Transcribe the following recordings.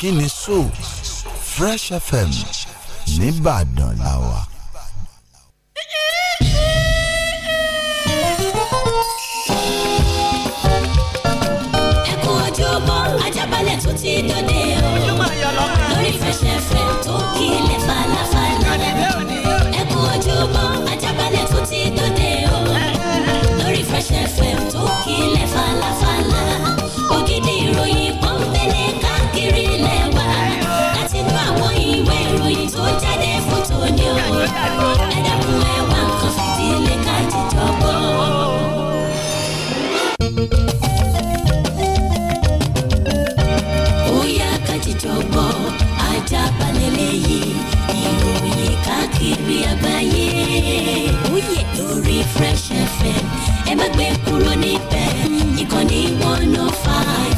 kíni so Fresh FM nìbàdàn la wà. ẹ kú ojúbọ Ajábalẹ̀ tó ti dòde. dàgbọ́. ẹ dákun ẹ wá nǹkan fìdílé ká jíjọ gbọ́. ó yá ká jíjọ gbọ́ ajá balẹ̀ lẹ́yìn ìròyìn káàkiri Fresh FM ẹ má gbé kúrò níbẹ̀ ìkànnì one oh five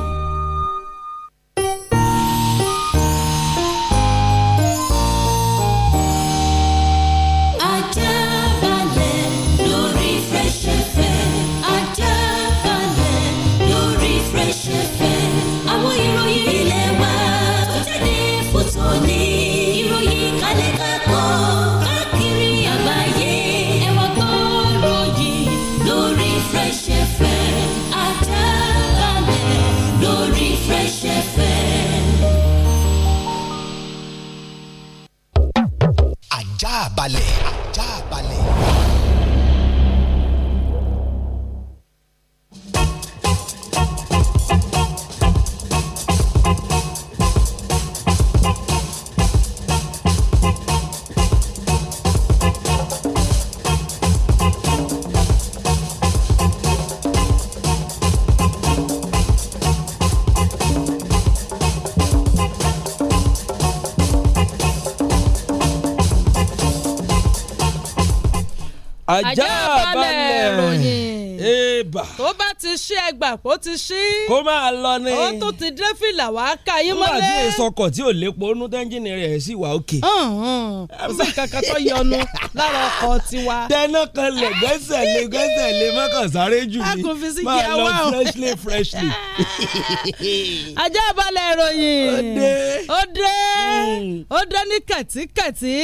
ajá balẹ̀ ròyìn. eba. tó bá ti ṣí ẹgbà kó ti ṣí. kó máa lọ ni. ó tún ti dé fìlà wá ká yín mọ́lẹ̀. nígbà tí èso ọkọ̀ tí ò lépo nú tẹ́ńjìnì rẹ̀ sì wà òkè. ọ̀hún ọ̀hún kankan tó yọnu lára ọkọ̀ tiwa. tẹná kan lẹ̀ gbẹ́sẹ̀ lé gbẹ́sẹ̀ lé mọ́kàn sáré jù mí máa lọ freshly freshly. ajá balẹ̀ ìròyìn ó dé ó dé hmm. ní kẹ̀tíkẹ̀tí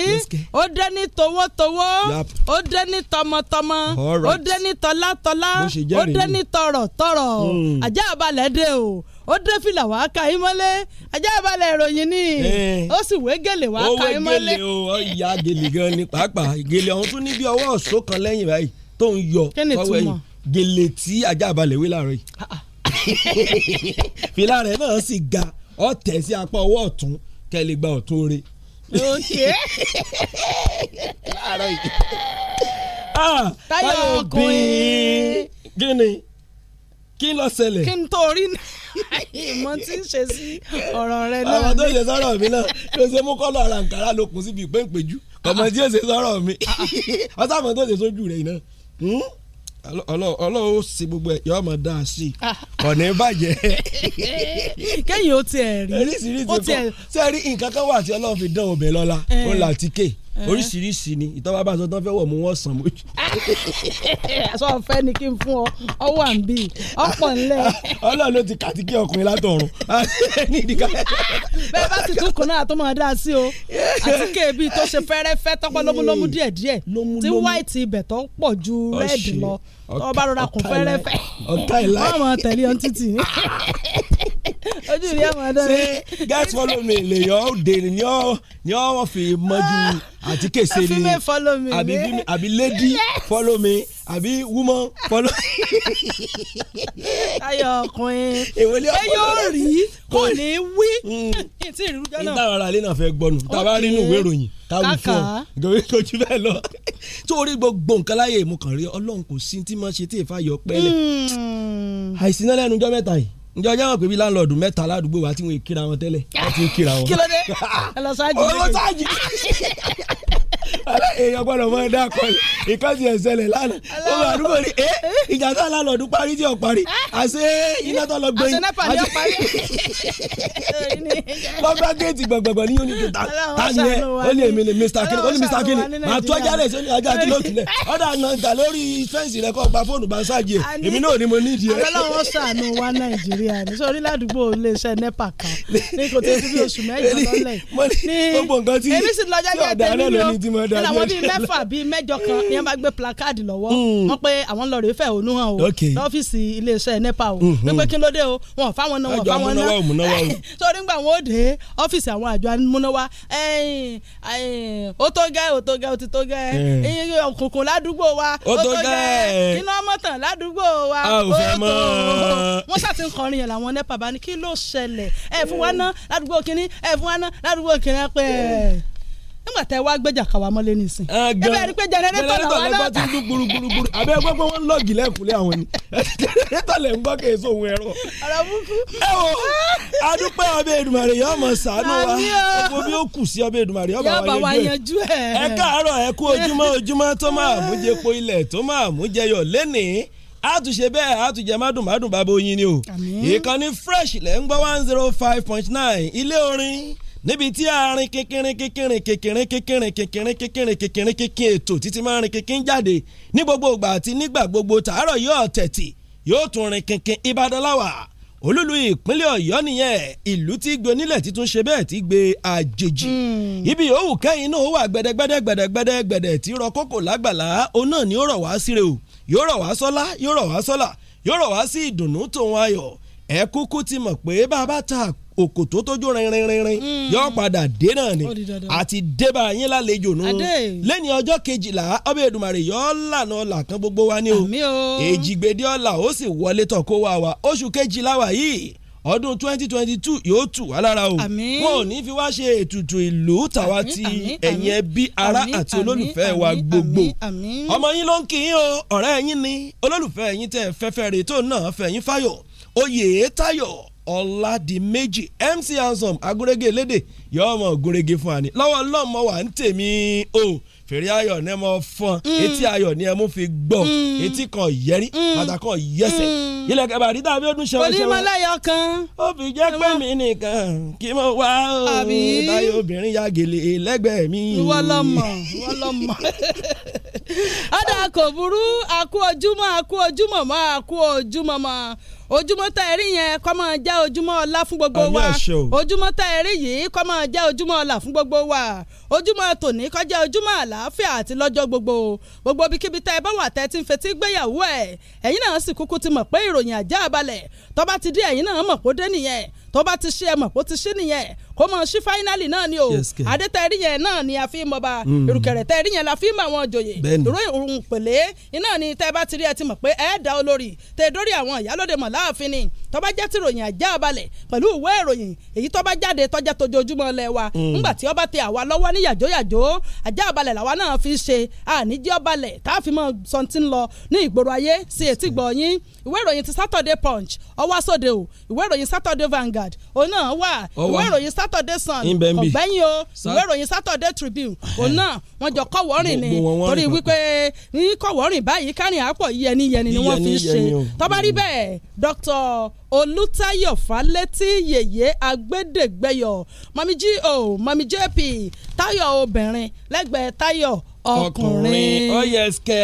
ó dé ní towótowó ó dé ní tọmọtọmọ ó dé ní tọlátọlá ó dé ní tọrọtọrọ hmm. ajá balẹ̀ dé o ó dé fìlà wá ka yín mọ́lé ajá balẹ̀ ìròyìn ni ó sì wé gèlè wá ka yín mọ́lé. ó wé gèlè o ìyá gèlè gan ni pàápàá gèlè ọ̀hún tún ní bí ọwọ́ ọ̀ṣọ́ kan lẹ́yìn báyìí tó ń yọ tọwọ́ ẹ̀yìn gèlè tí ajá balẹ̀ wé láàárọ̀ yìí fìlà rẹ̀ náà sì ga ó tẹ̀ sí apá ọwọ́ ọ̀tún kẹ́ lè gba ọ̀tún rẹ̀ láàárọ̀ yìí. Ah, táyọ̀ ọkùnrin. gíni kí ló ṣẹlẹ̀. kí n tó rí náà ìmọ̀ tí ń ṣe sí ọ̀rọ̀ rẹ náà. àwọn tó ń ṣe sọ̀rọ̀ mi náà ló ṣe mú kọ́lọ̀ ara nkàrà ló kún síbi ìpéǹpéjú ọmọ tí ó ṣe sọ̀rọ̀ mi ọ̀sán àwọn tó ṣe sójú rẹ̀ náà hmm? ọlọ́run ó gbogbo ẹ̀ yọ́ọ́ mọ̀ dá a sí ọ̀nà ìbàjẹ́. kẹ́yìn ó tiẹ̀ rí ó tiẹ̀ rí. sẹ́ẹ̀rí nǹkan kan wà tí ọlọ́run fi dán obìnrin lọ́la ó là tíkè. Eh. oríṣiríṣi ni ìtọ́ba bá aṣọ tán fẹ́ wọ̀ mú wọ́n sàn mójú. aṣọ ọ̀fẹ́ ni kí n fún ọ ọwọ́ à ń bì ọ̀pọ̀ ńlẹ̀. ọlọ́run ló ti kàtí kí ọkùnrin látọ̀run. bẹ́ẹ̀ bá ti tún kùnà àtọ́ máa dá sí o àti kéèbí tó ṣe fẹ́rẹ́fẹ́ tọ́pọ̀ lómúlómú díẹ̀díẹ̀ tí wáìtì ibẹ̀ tó pọ̀ ju oh, rẹ́ẹ̀dì lọ tọ́ bá rọra kún fẹ́rẹ́fẹ́ ọmọ tẹ̀lé ọ ojú rí àwọn ọdọ rẹ. ṣé guys follow me lèyàn ó dé ni ó ni ó fi mọ́jú ah, àti kèsè ni àbí àbí lady follow me àbí woman follow me. ayọ̀ ọkùnrin ẹ yóò rí kò ní wí. ìta ara ilé náà fẹ́ gbọ́nu tàbá nínú ìwé ìròyìn táwọn fún ọ ìgbàgbé kojú bẹ́ẹ̀ lọ. torí gbogbo nǹkan láyè mo kàn rí ọlọ́run kò sí tí mo ṣe tí èèfà yọ pẹ́lẹ̀ hmm. àìsí náà lẹ́nu ọjọ́ mẹ́ta yìí njẹ́ ọjà wọn pè mí láńlọ́ọ̀dù mẹ́ta aládùúgbò wa tí wọ́n kíra wọn tẹ́lẹ̀ wọ́n ti kíra wọn. kí ló dé ẹ lọ sáájì. olùsáájì. èèyàn gbọ́dọ̀ mọ ẹ̀dá akọni ìkànsì ẹ̀sẹ̀lẹ̀ lánàá ó wà àdúgbò ní ẹ ìjà tó alálọ́ọ̀dù parí tí ò parí àṣé iná tó lọ gbẹ̀yìn àṣé lọ́gbà géètì gbọ̀gbọ̀gbọ̀ ní oníjì ta ta ni ẹ ó ní èmi ni Mr. Kini ó ní Mr. Kini màá tó ajá rẹ̀ sí ní ajá kí ló tilẹ̀ ọ̀dà náà gà lórí fẹ́ǹsì rẹ̀ kọ́ gba fóònù bá ṣáàjì ẹ̀ èmi náà ni mo ní ìdí ẹ̀. ọlọ́wọ́ ṣàánú ní làwọn bíi mẹ́fà bíi mẹ́jọ kan ní ẹ bá gbé placard lọ́wọ́ mm. wọ́n pé àwọn ń lọ rèé fẹ̀hónú hàn o lọ́fíìsì iléeṣẹ́ nepa o mm-hmm. wípé kí ló dé o wọn fáwọn náà wọn fáwọn náà sórí ngbà wọn ò dé ọ́fíìsì àwọn àjọ amúnáwá ó tó gẹ́ ó tó gẹ́ ó ti tó gẹ́ mm. òkùnkùn ládùúgbò wa ó tó gẹ́ iná mọ́tàn ládùúgbò wa ó tó wọ́n ṣàti ń kọrin yẹn làwọn nepa bá ní kí ló ṣẹlẹ̀ ẹ̀ fún wa ná ládùúgbò kínní ẹ̀ fún wa ná ládùúgbò kínní pẹ́ẹ́ nígbà tẹ wá gbẹjà káwa mọ́lé nìsín. ẹ bẹ́ẹ̀ rí pé jẹnẹrétọ̀ làwọn náà. jẹnẹrétọ̀ lẹ́gbọ́n ti ń dún gbúrúgbúrú àbẹ́ ẹgbẹ́ pé wọ́n ń lọ́ọ̀gì lẹ́kùnlé àwọn ni jẹnẹrétọ̀ lẹ́ ń gbọ́ kí èso òun ẹ̀rọ. ọ̀rọ̀ burúkú. ẹ wo adúpẹ́ ọbẹ̀ Èdùmàrè yóò mọ̀ ṣàánú wa gbogbo bí ó kù sí ọbẹ̀ Èdùmàrè yóò bá wa yanjú ẹ̀. ẹ káàárọ̀ ẹ kú ojúmọ́ ojúmọ́ tó máa mú jẹ po ilẹ̀ tó máa mú jẹyọ̀ lénìí a tún ṣe bẹ́ẹ̀ a tún jẹ mádùnmádùn bàbá oyin ni o ìkànnì fresh lẹ́ ń gbọ́ one zero five point nine ilé orin níbi tí àárín kékeré kékeré kékeré kékeré kékeré kékeré kékeré kékeré ètò títí máa rin kékeré jáde ní gbogbo ìgbà àti nígbà gbogbo tàárọ̀ yóò tẹ̀tì yóò tún rin kékeré Ìbàdàn láwà olúlu ìpínlẹ̀ Ọ̀yọ́ nìyẹn ìlú tí gbé onílẹ̀ títún ṣe bẹ́ẹ̀ tí gbé àjèjì hmm. ibi yòówù kẹ́yìn náà wà gbẹdẹgbẹdẹ gbẹdẹgbẹdẹ gbẹdẹ tí rọ kókò lágbàlá òun náà ni ó rọ̀ wá síre o yóò rọ̀ wá sọ́lá yóò rọ̀ wá sọ́là yóò rọ̀ wá sí ìdùnnú tòun ayọ̀ ẹ kúkú ti mọ̀ pé bàbá ta òkòtó tójú rinrinrin hmm. yóò padà dé náà ni àti débà yín lálejò nù lẹ́ni ọjọ́ kejìlá ọbẹ̀ Èdùmàrè yóò lànà ọ̀là kan gbogbo wa ni o èjìgbèdè ọ̀là ó sì wọlé tọ̀ kó wa wa oṣù kejìlá wa yìí ọdún twenty twenty two yóò tù wá lára o wọn ò ní fi wá ṣe ètùtù ìlú tàwa ti ẹ̀yin ẹbí ará àti olólùfẹ́ wa gbogbo ọmọ yín ló ń kí yín o ọ̀rẹ́ yín ni olólùfẹ́ yín tẹ̀ fẹ́fẹ́ rè tó náà fẹ̀yìn fáyọ̀ oyè táyọ̀ ọ̀làdìmẹ́jì mc handsome agúrégé lédè yọ̀ọ́ mọ̀ gúrégé fún wa ni lọ́wọ́ lọ́mọ wà ń tèmi o fèrè ayọ̀ ni ẹ mọ fọ́n mm. etí ayọ̀ ni ẹ mú fi gbọ́ mm. etí kan yẹrí mm. bàtà kan yẹsẹ̀ ilẹ̀kẹ̀ bàdí tàbí ọdún ṣẹwọ́n ṣẹwọ́n. onímọ̀láyọ̀ kan. ó fi jẹ́ pé mi nìkan kí mo wá o táyé obìnrin ya gèlè lẹ́gbẹ̀ẹ́ mi. wọ́lọ́mọ wọ́lọ́mọ. ọ̀dà kò burú àkú ojúmọ́ àkú ojúmọ́ mọ́ àkú ojúmọ́ mọ́ ojúmọ́ tá ẹ rí yẹn kó máa jẹ́ ojúmọ́ ọlá fún gbogbo wa ojúmọ́ tá ẹ rí yìí kó máa jẹ́ ojúmọ́ ọlá fún gbogbo wa ojúmọ́ tòní kó jẹ́ ojúmọ́ àlàáfíà àti lọ́jọ́ gbogbo gbogbo ibikíbi tá ẹ bá wà tẹ́ ti ń fetí gbéyàwó ẹ̀ ẹ̀yin náà sì kúkú ti mọ̀ pé ìròyìn àjá àbalẹ̀ tó bá ti dé ẹ̀yin náà mọ̀ kó dé nìyẹn tó bá ti ṣe ẹ mọ̀ kó ti ṣe nìyẹn kó mọ̀ sí fáínàlì náà ni o adétẹ́rí yẹn náà ni a fi mọ̀ bá ìrùkẹ̀rẹ̀ hmm. tẹ́rí yẹn la fi mọ̀ àwọn òjòyè ìró ìrùn pèlè iná ni tẹ́ bá ti rí ẹ ti mọ̀ pé ẹ da olórí tẹ́ dórí àwọn ìyálóde mọ̀ láàfin ni tọ́ba jẹ́ ti ròyìn àjá balẹ̀ pẹ̀lú ìwé ìròyìn èyí tọ́ba jáde tọ́jà tójoojúmọ́ lẹ̀ wa hmm. ńgbà tí ọba tẹ àwa lọ́wọ́ ní yàjóyàjó àjá balẹ̀ làwa náà fi ṣe àníjí ọbalẹ̀ tá a fi mọ sọ̀tún lọ ní ìgboro ayé sí etí gbọ̀ yín ìwé ìròyìn ti Saturday Punch ọwọ́ sóde o ìwé ìròyìn Saturday Vanguard òun náà wà ìwé ìròyìn Saturday Sun ọ̀gbẹ́yìn o ìwé ìròyìn Saturday Tribune òun náà wọ́n jọ kọ́ wọ́rìn ni torí wípé ní kọ́ wọ́rìn báyìí kárìn àpọ̀ yẹniyẹni ni wọ́n fi ṣe tọ́ba rí bẹ́ẹ̀ Dr Olùtayọ̀ Fálétí yèyé agbẹ́dẹ́gbẹ́yọ̀ mami g o mami jp Táyọ̀ obìnrin lẹ́gbẹ̀ẹ́ Táyọ̀ ọkùnrin. ọkùnrin ọyẹsẹ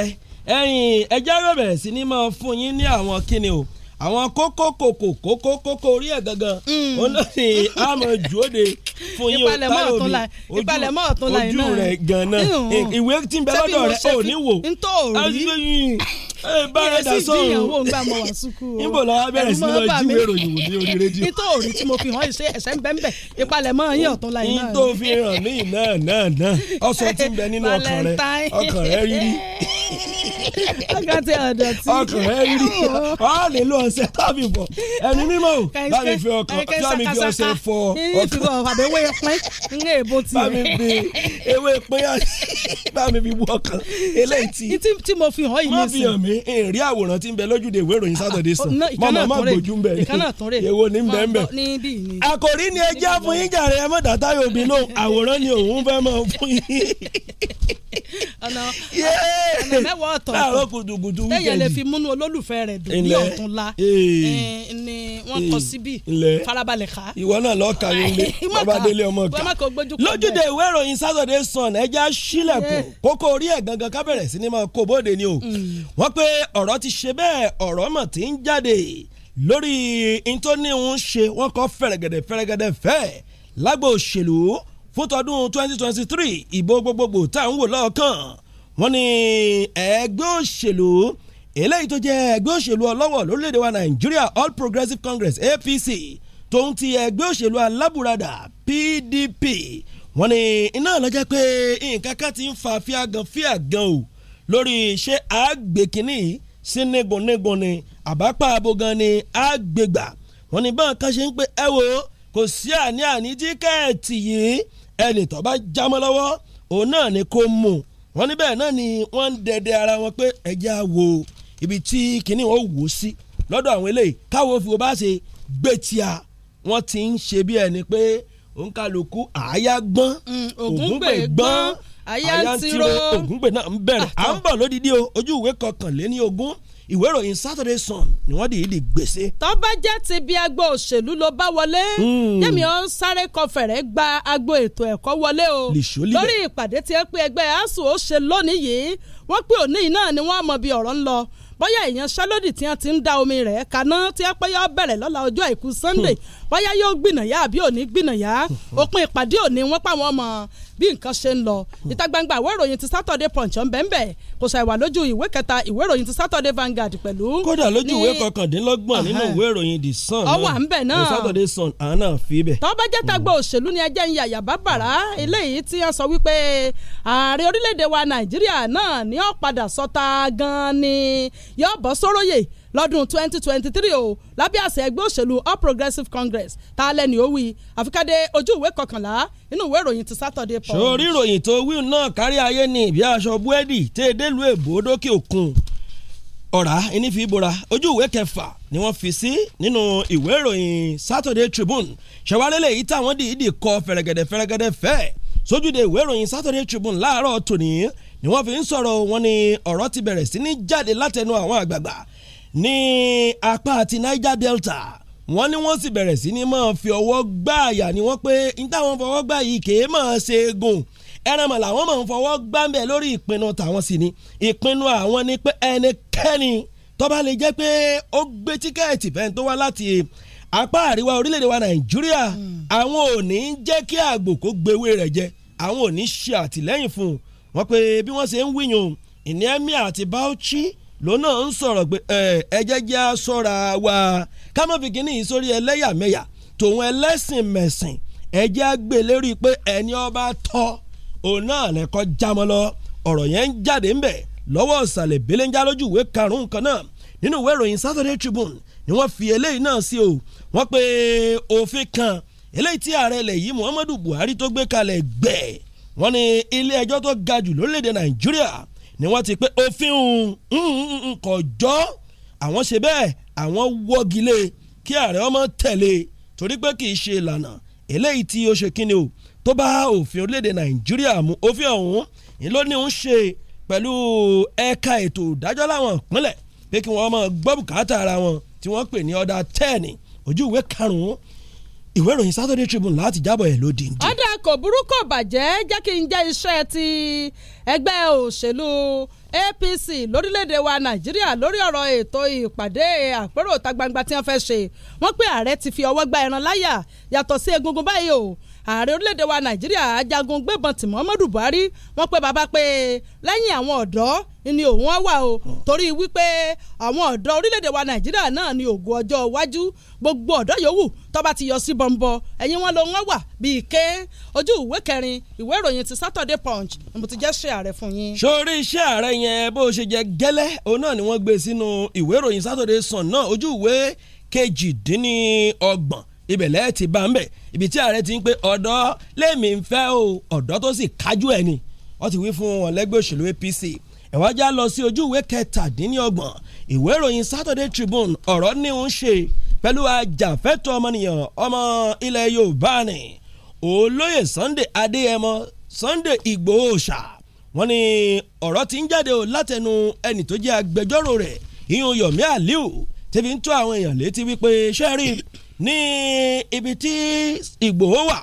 ẹyin ẹjẹ rẹ bẹ̀rẹ̀ sí ni máa fún yín ní àwọn kíni o àwọn kókó kòkò kókó kókó orí ẹ̀ gangan hmm. ó náà ní àmọ̀ jòde fún yín o táyọ̀ mi ojú rẹ̀ gan-an hmm. ìwé tí ń bẹ lọ́dọ̀ rẹ̀ ò ní wò bára da sọ̀rọ̀ ìyàwó ń gbà mọ wá sùkú o níbo la wá bẹ̀rẹ̀ sí lọ jíwèé ìròyìn wò ní orí rédíò. nítorí orí tí mo fi hàn ṣe ẹsẹ̀ ń bẹ́ẹ̀ bẹ́ẹ̀ ìpalẹ̀mọ́ yín ọ̀tún la iná. nítorí fi hàn ní iná náà náà ọ̀sán tí bẹ nínú ọkàn rẹ ọkàn rẹ rírí. akatẹ ọdọ tí. ọkàn ẹ rí ọ lè lo ọṣẹ tábì bọ ẹnu mímọ́ o bá mi fi ọkàn bá mi fi ọṣẹ fọ ọkàn. àbẹ̀wò ẹ̀pẹ́ ń èèbó tiẹ̀. bá mi fi ewé pín bá mi fi wọ ọkàn eléyìí tí. tí mo fi hàn yìí nísìnyí. má fi hàn mí èrè àwòrán tí ń bẹ lójúde ìwé ìròyìn ah, Saturday Sun mọ̀mọ́ má gbójú ń bẹ̀ èwo ní bẹ́ẹ̀ bẹ́ẹ̀. àkòrí ni ẹ jẹ́ fún yín jàre ẹ mọ̀ dàtà yóò bí lóhùn àwòrán ni òun fẹ́ mọ̀ fún yín. ọ̀nà mẹ́wàá ọ̀tọ̀ọ̀tọ̀ láàárọ̀ kùdùkùdù wíkẹ́ndì tẹ́yẹ̀ lè fi múnú olólùfẹ́ rẹ̀ dùn ní ọ̀túnla ni wọ́n kọ síbí farabalẹ̀ ká. ìwọ náà lọ́ọ́ ka nílé babadélé ọmọ ká lójúde ìwé ìròyìn Saturday Sun ẹja sílẹ̀kùn kókó orí ẹ̀ gangan ká bẹ̀rẹ̀ sí ni máa kó bóde ni o hmm. wọ́n pé ọ̀rọ̀ ti ṣe bẹ́ẹ̀ ọ̀rọ̀ mọ̀ ti ń jáde lórí ntóníhun ṣe wọ́n kọ́ fẹ̀rẹ̀gẹ̀dẹ̀ fẹ̀rẹ̀gẹ̀dẹ̀ fẹ́ẹ̀ lágbo òṣèlú fún tọdún 2023 ìbò gbogbogbò tá à ń wò lọ́ọ̀kan wọ́n ní ẹgbẹ́ òṣèlú eléyìí tó jẹ́ ẹgbẹ́ òṣèlú ọlọ́wọ̀ lórílẹ̀‐èdè wa Nàìjíríà All progressive Congress APC tòun ti ẹgbẹ́ òṣèlú alábùradà PDP wọ́n ní iná lọ́jà pé nǹkan kan ti ń fa fíagàn fíagàn o lórí ṣé àgbèkínní sí nígbònígbòn ni àbápá abogan ni àgbègbà wọ́n ní báwọn kan ṣe ń pé ẹ wo kò sí àní àní tíkẹ́ẹ̀tì yìí ẹnì tó bá jámọ́ lọ́wọ́ òun náà ni kò mú un wọ́n níbẹ̀ náà ni wọ́n ń dẹ̀dẹ̀ ara wọn pé ẹja wo ibi tí kinní wọn wò sí lọ́dọ̀ àwọn eléyìí káwọn fi bá ṣe gbé tíya wọ́n ti ń ṣe bí ẹni pé òǹkàlùkù àáyá gbọ́n mm, ògúngbè gbọ́n àyà ń tiro ògúngbè náà ń bẹ̀rẹ̀ à ń bọ̀ lódìdí o ojú ìwé kọkànléní ogún ìwé ìròyìn Saturday Sun ni wọ́n dìídì gbèsè. tó bá jẹ́ ti bí agbo òṣèlú ló bá wọlé jẹ́mi hmm. ọ́n sáré kan fẹ̀rẹ̀ gba agbo ètò ẹ̀kọ́ wọlé o lórí ìpàdé tí ẹ pé ẹgbẹ́ asuu ó ṣe lónìí yìí wọ́n pé òní yìí náà ni wọ́n mọ bí ọ̀rọ̀ ń lọ bóyá ìyanṣẹ́lódì tí wọ́n ti ń da omi rẹ̀ kaná tí wọ́n pé yóò bẹ̀rẹ̀ lọ́la ọjọ́ àìkú Sunday hmm. bóyá yóò gbìnàyà àbí òní gbìnàyà hmm. òpin ìpàdé òní wọ́n pàwọn ọmọ bí nǹkan ṣe ń lọ ìta gbangba ìwé ìròyìn ti Saturday Punch ń bẹ́ẹ̀ kò sọ ìwà lójú ìwé kẹta ìwé ìròyìn ti Saturday Vanguard pẹ̀lú. kódà lójú ìwé kọkàndínlọ́gbọ̀n nínú ìwé ìròyìn the Sun náà ọwọ́ à ń bẹ̀ náà the Saturday Sun àwọn náà fi bẹ̀. tọ́ba jẹ́ tagbó òṣèlú ni ẹjẹ́ ń ya yàbá bàrá eléyìí tí wọ́n sọ wípé ààrẹ orílẹ̀-èdè wa Nàìjíríà náà ni ó padà sọ́ta gan-an ni yóò bọ́ sóróyè lọ́dún 2023 o lábẹ́ àṣẹ ẹgbẹ́ òṣèlú All Progressives Congress tá a lẹ́nu ó wí àfikàdé ojú ìwé kọkànlá inú ìwé ìròyìn ti Saturday Punch. sórí ìròyìn tó wíwù náà kárí ayé ni ìbí aṣọ búẹ́dì tẹ́ délùú èbó dókè òkun ọ̀rá ẹni fi bora ojú ìwé kẹfà ni wọ́n fi sí nínú ìwé ìròyìn Saturday Tribune ṣẹ̀wárẹ́lẹ̀ yìí táwọn dìídì kọ fẹ̀rẹ̀gẹ̀dẹ̀ fẹ̀rẹ̀gẹ̀dẹ̀ fẹ́ẹ̀ sójúde ìwé ìròyìn Saturday Tribune láàárọ̀ tòní ni wọ́n fi ń sọ̀rọ̀ wọn ni ọ̀rọ̀ ti bẹ̀rẹ̀ sí ní jáde látẹnu àwọn àgbààgbà ní apá àti Niger Delta wọ́n ní wọ́n sì bẹ̀rẹ̀ sí ní máa fi ọwọ́ gbá àyà ni wọ́n pé ní táwọn fọwọ́ gbá yìí kèé máa ṣe é gùn ẹranmọ̀ làwọn máa ń fọwọ́ gbá ń bẹ̀ lórí ìpinnu tàwọn sì ni ìpinnu àwọn ni pé ẹnikẹ́ni tó bá lè jẹ́ pé ó gbé tíkẹ́ẹ̀tì fẹ́ni tó wá láti apá àríwá orílẹ̀-èdè wa nàìjíríà àwọn ò ní jẹ́ kí àgbò kó gbéwé rẹ̀ jẹ àwọn ò ní ṣe àtìlẹ́yìn fún un wọ́n pé bí wọ́n ṣe ń wíyàn ìní Emir àti Bauchi lọ́nà ń sọ̀rọ̀ pé ẹ̀jẹ̀ jẹ́ sọ́ra wa ká má fi kínní yìí sórí ẹlẹ́yàmẹ̀yà tòun ẹlẹ́sìn mẹ̀sìn ẹ̀jẹ̀ àgbè e lérí pé ẹni ọba tọ́ òun náà lẹ́kọ́ jámọ́ lọ ọ̀rọ̀ yẹn ń jáde ńbẹ̀ lọ́wọ́ ọ̀sàlẹ̀ belenja lójú ìwé karùn-ún kan náà nínú ìwé ìròyìn Saturday Tribune ni wọ́n fi eléyìí náà sí o wọ́n pe òfin kan eléyìí tí ààrẹ ilẹ̀ yìí Muhammadu Buhari tó gbé kalẹ̀ gbẹ̀ wọ́n ní ilé ẹjọ́ tó ga jù lórílẹ̀‐èdè Nàìjíríà ni wọ́n ti pé òfin kò jọ́ àwọn ṣe bẹ́ẹ̀ àwọn wọ́gilé kí ààrẹ ọmọ tẹ̀lé torí pé kì í ṣe ìlànà eléyìí tí ó ṣe kíni o tó bá òfin orílẹ̀-èdè nàìjíríà mu òfin ọ̀hún ni ló ní ń ṣe pẹ̀lú ẹ̀ka ètò ìdájọ́ láwọn ìpínlẹ̀ pé kí wọ́n máa gbọ́ bùkátà ara wọn tí wọ́n pè ní ọ̀dà tẹ́ẹ̀nì ojú ìwé karùn-ún ìwé ìròyìn Saturday Tribune láti jábọ̀ ẹ̀ lódì ń ọ̀dà kò burú bàjẹ́ jẹ́ kí n jẹ́ iṣẹ́ ti ẹgbẹ́ òṣèlú APC lórílẹ̀‐èdè wa Nàìjíríà lórí ọ̀rọ̀ ètò ìpàdé àpérò ìta gbangba tí wọ́n fẹ́ ṣe wọ́n pé ààrẹ ti fi ọwọ́ gba ẹran láyà yàtọ̀ sí egungun báyìí o ààrẹ orílẹ̀‐èdè wa Nàìjíríà ajagun gbébọn tì Muhammadu Buhari wọ́n pé bàbá pé lẹ́yìn àwọn ọ̀dọ́ ni òun wà o torí wípé àwọn ọ̀dọ́ orílẹ̀-èdè wa nàìjíríà náà ni ògo ọjọ́ iwájú gbogbo ọ̀dọ́ yòówù tọ́ba ti yọ sí bọ̀m̀bọ̀ ẹ̀yin wọn ló wọ́n wà bíi ké ojú ìwé kẹrin ìwé ìròyìn ti Saturday Punch ni mo ti jẹ́ ṣe ààrẹ fún yín. sórí iṣẹ́ ààrẹ yẹn bó ṣe jẹ gẹ́lẹ́ òun náà ni wọ́n gbé sínú ìwé ìròyìn Saturday Sun náà ojú ìwé kejìdínlọ́gbọ̀n ibẹ̀ lẹ́ẹ̀ ti bá ń bẹ̀ ibi tí ààrẹ ti ń pé ọ̀dọ́ lèmi ń fẹ́ o ọ̀dọ́ tó sì kájú ẹ̀ ni wọ́n ti wí fún wọn lẹ́gbẹ́ òṣèlú APC ẹ̀wájá lọ sí ojú ìwé kẹtàdínlọ́gbọ̀n ìwé ìròyìn Saturday Tribune ọ̀rọ̀ ní ń ṣe pẹ̀lú ajàfẹ́tọ̀ ọmọnìyàn ọmọ ilẹ̀ Yorùbá ni olóyè Sunday Adéyẹmọ Sunday Ìgbòho ṣà wọ́n ní ọ̀rọ̀ tí ń jáde o látẹnu ẹni tó jẹ́ agbẹjọ́rò rẹ̀ ìyún Yomi Aliu tẹ́bi ń tó àwọn èèyàn létí wípé sẹ́rí ní ibi tí Ìgbòho wà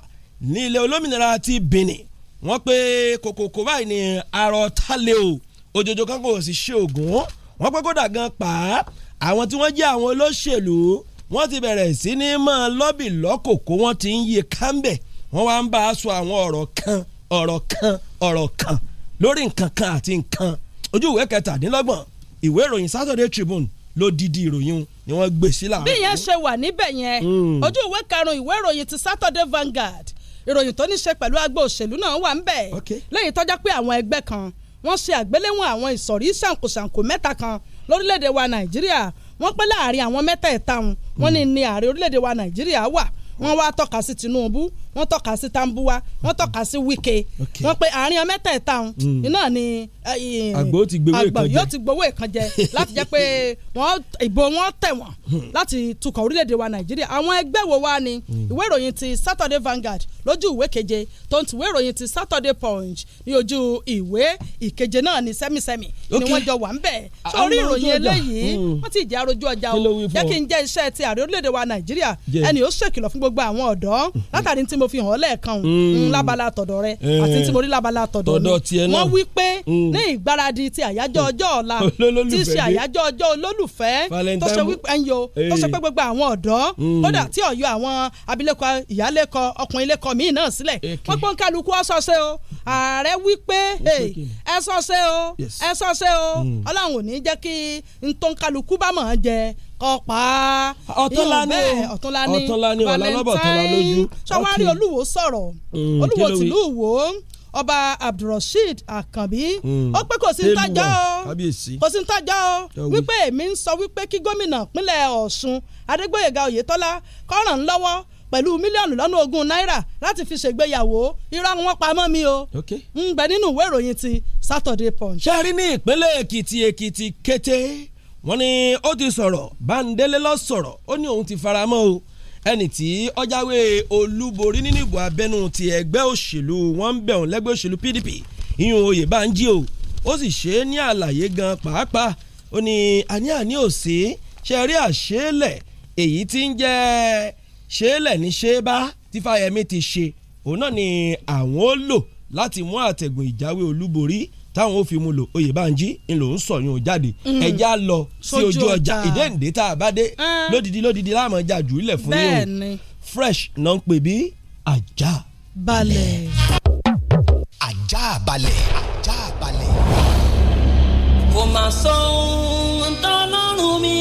ní ilẹ̀ olómìnira ti Benin wọ́n pé kòkòkò báyìí ní arọ tálẹ́ o òjòjò kan kò sì ṣe ògùn wọ́n pẹ́ kódà gan pa àwọn tí wọ́n jẹ́ àwọn olóṣèlú wọ́n ti bẹ̀rẹ̀ sí ní máa lọ́bì lọ́kòkó wọ́n ti ń yẹ kámbẹ̀ wọ́n wá ń bá a sọ àwọn ọ̀rọ̀ kan ọ̀rọ̀ kan ọ̀rọ̀ kan lórí nǹkan kan àti nǹkan ojú ìwé kẹtàdínlọ́gbọ̀n ìwé ìròyìn Saturday Tribune ló dídí ìròyìn ni wọ́n gbé sí làwọn. bí ìyẹn ṣe wà níbẹ̀ yẹn hmm. ojú ìwé karùn-ún ìwé ìròyìn ti Saturday Vanguard ìròyìn tó ní ṣe pẹ̀lú agbo òṣèlú náà wà ń bẹ̀ lẹ́yìn tọ́já pé àwọn ẹgbẹ́ kan wọ́n ṣe àgbéléwọ̀n àwọn ìsọ̀rí ṣàǹkóṣàǹkó mẹ́ta kan lórílẹ̀‐èdè wa nàìjíríà wọ́n pẹ́ láàrin àwọn mẹ́tẹ̀ẹ̀ta wọn wọ́n ní ní ààrẹ orílẹ̀‐èdè wa nàìjíríà wà wọ́n wá tọ́ka sí tinubu wọ́n tọ́ka sí Tambuwa wọ́n tọ́ka sí Wike wọ́n pe àárín mẹ́tẹ̀ẹ̀ta ọ̀hún mm. iná ni eh, àgbò yóò ti gbowó ìkànjẹ láti jẹ́ pé ìbò wọn tẹ̀ wọ́n láti tukọ̀ orílẹ̀-èdè wa Nàìjíríà àwọn ẹgbẹ́ wo wa ni mm. ìwé ìròyìn ti Saturday Vanguard lójú ìwé keje tó ń tiwé ìròyìn ti Saturday Punch ní ojú ìwé ìkeje náà ní sẹ́mísẹ́mí ni wọ́n jọ wà ń bẹ̀ sórí ìròyìn eléyìí mm. wọ́n ti jẹ́ arojú ọjà o jẹ́ kí n jẹ́ iṣẹ́ ti ààrẹ orílẹ̀-èdè wa Nàìjíríà ẹni ó ṣèkìlọ̀ fún gbogbo àwọn ọ̀dọ́ látàrí ti mo fi hàn lẹ́ẹ̀kan ń hmm. lábala tọ̀dọ̀ rẹ eh. àti tí mo rí lábala tọ̀dọ̀ mi wọ́n wí pé hmm. ní ìgbáradì ti àyájọ́ ọjọ́ ọ̀la ti í ṣe àyájọ́ ọjọ́ olólùfẹ́ tó ṣe wípé ẹ̀yọ tó ṣe eh. pé gbogbo àwọn ọ̀dọ́ hmm. kódà tí ọ̀yọ́ àwọn abilékọ ìyálékọ ọkùnrin lékọ míì náà sílẹ̀ wọ́n pọ́n kálukú ọ́sọ́sẹ́ o ààrẹ wípé pé ẹ o ẹ sọ o mm. ọlọ́run ò ní jẹ́ kí bá mọ̀ ọ́n jẹ kọpa ọtọlani ọtọlani ọtọlani valentine oluwo olúwo sọ̀rọ̀ mm, tìlú wo ọba abdulrasheed akànbí mm. ó pé kò sí o kò sí ń o wípé èmi ń sọ wípé kí gómìnà pínlẹ̀ ọ̀ṣun oyetola kọ́ràn pẹ̀lú mílíọ̀nù lọ́nà ogún náírà láti fi ṣègbéyàwó irọ́ wọn pamọ́ mi o ń bẹ nínú ìwé ìròyìn ti Saturday Punch. ṣe rí ní ìpínlẹ̀ Èkìtì Èkìtì kété wọ́n ní ó ti sọ̀rọ̀ Bándélé lọ sọ̀rọ̀ ó ní òun ti faramọ́ o ẹni tí ọjàwé olúborí nínú ìbò abẹ́nú ti ẹgbẹ́ òṣèlú wọn ń bẹ̀ òun lẹ́gbẹ́ òṣèlú PDP ìyún oyè bá ń jí o ó sì ṣe é ní àlàyé gan pàápàá ó ní àní àní òsè ṣe rí àṣẹ́lẹ̀ èyí tí ń jẹ́ ṣé lẹ̀ ṣé bá tí Fáyẹmí ti ṣe òun náà ni àwọn ó lò láti mú àtẹ̀gùn ìjáwé olúborí táwọn ó fi mu lò Oyèbánjí ń lò ń sọ̀yún jáde mm. ẹja lọ sí ojú ọjà ìdéǹdé tá a bá dé ah. lódìdí lódìdí láàmú ọjà jù ú lẹ̀ fún yóò fresh náà ń pè bí ajá balẹ̀. ajá balẹ̀ ajá balẹ̀. kò mà sọ ohun tọ́lọ́run mi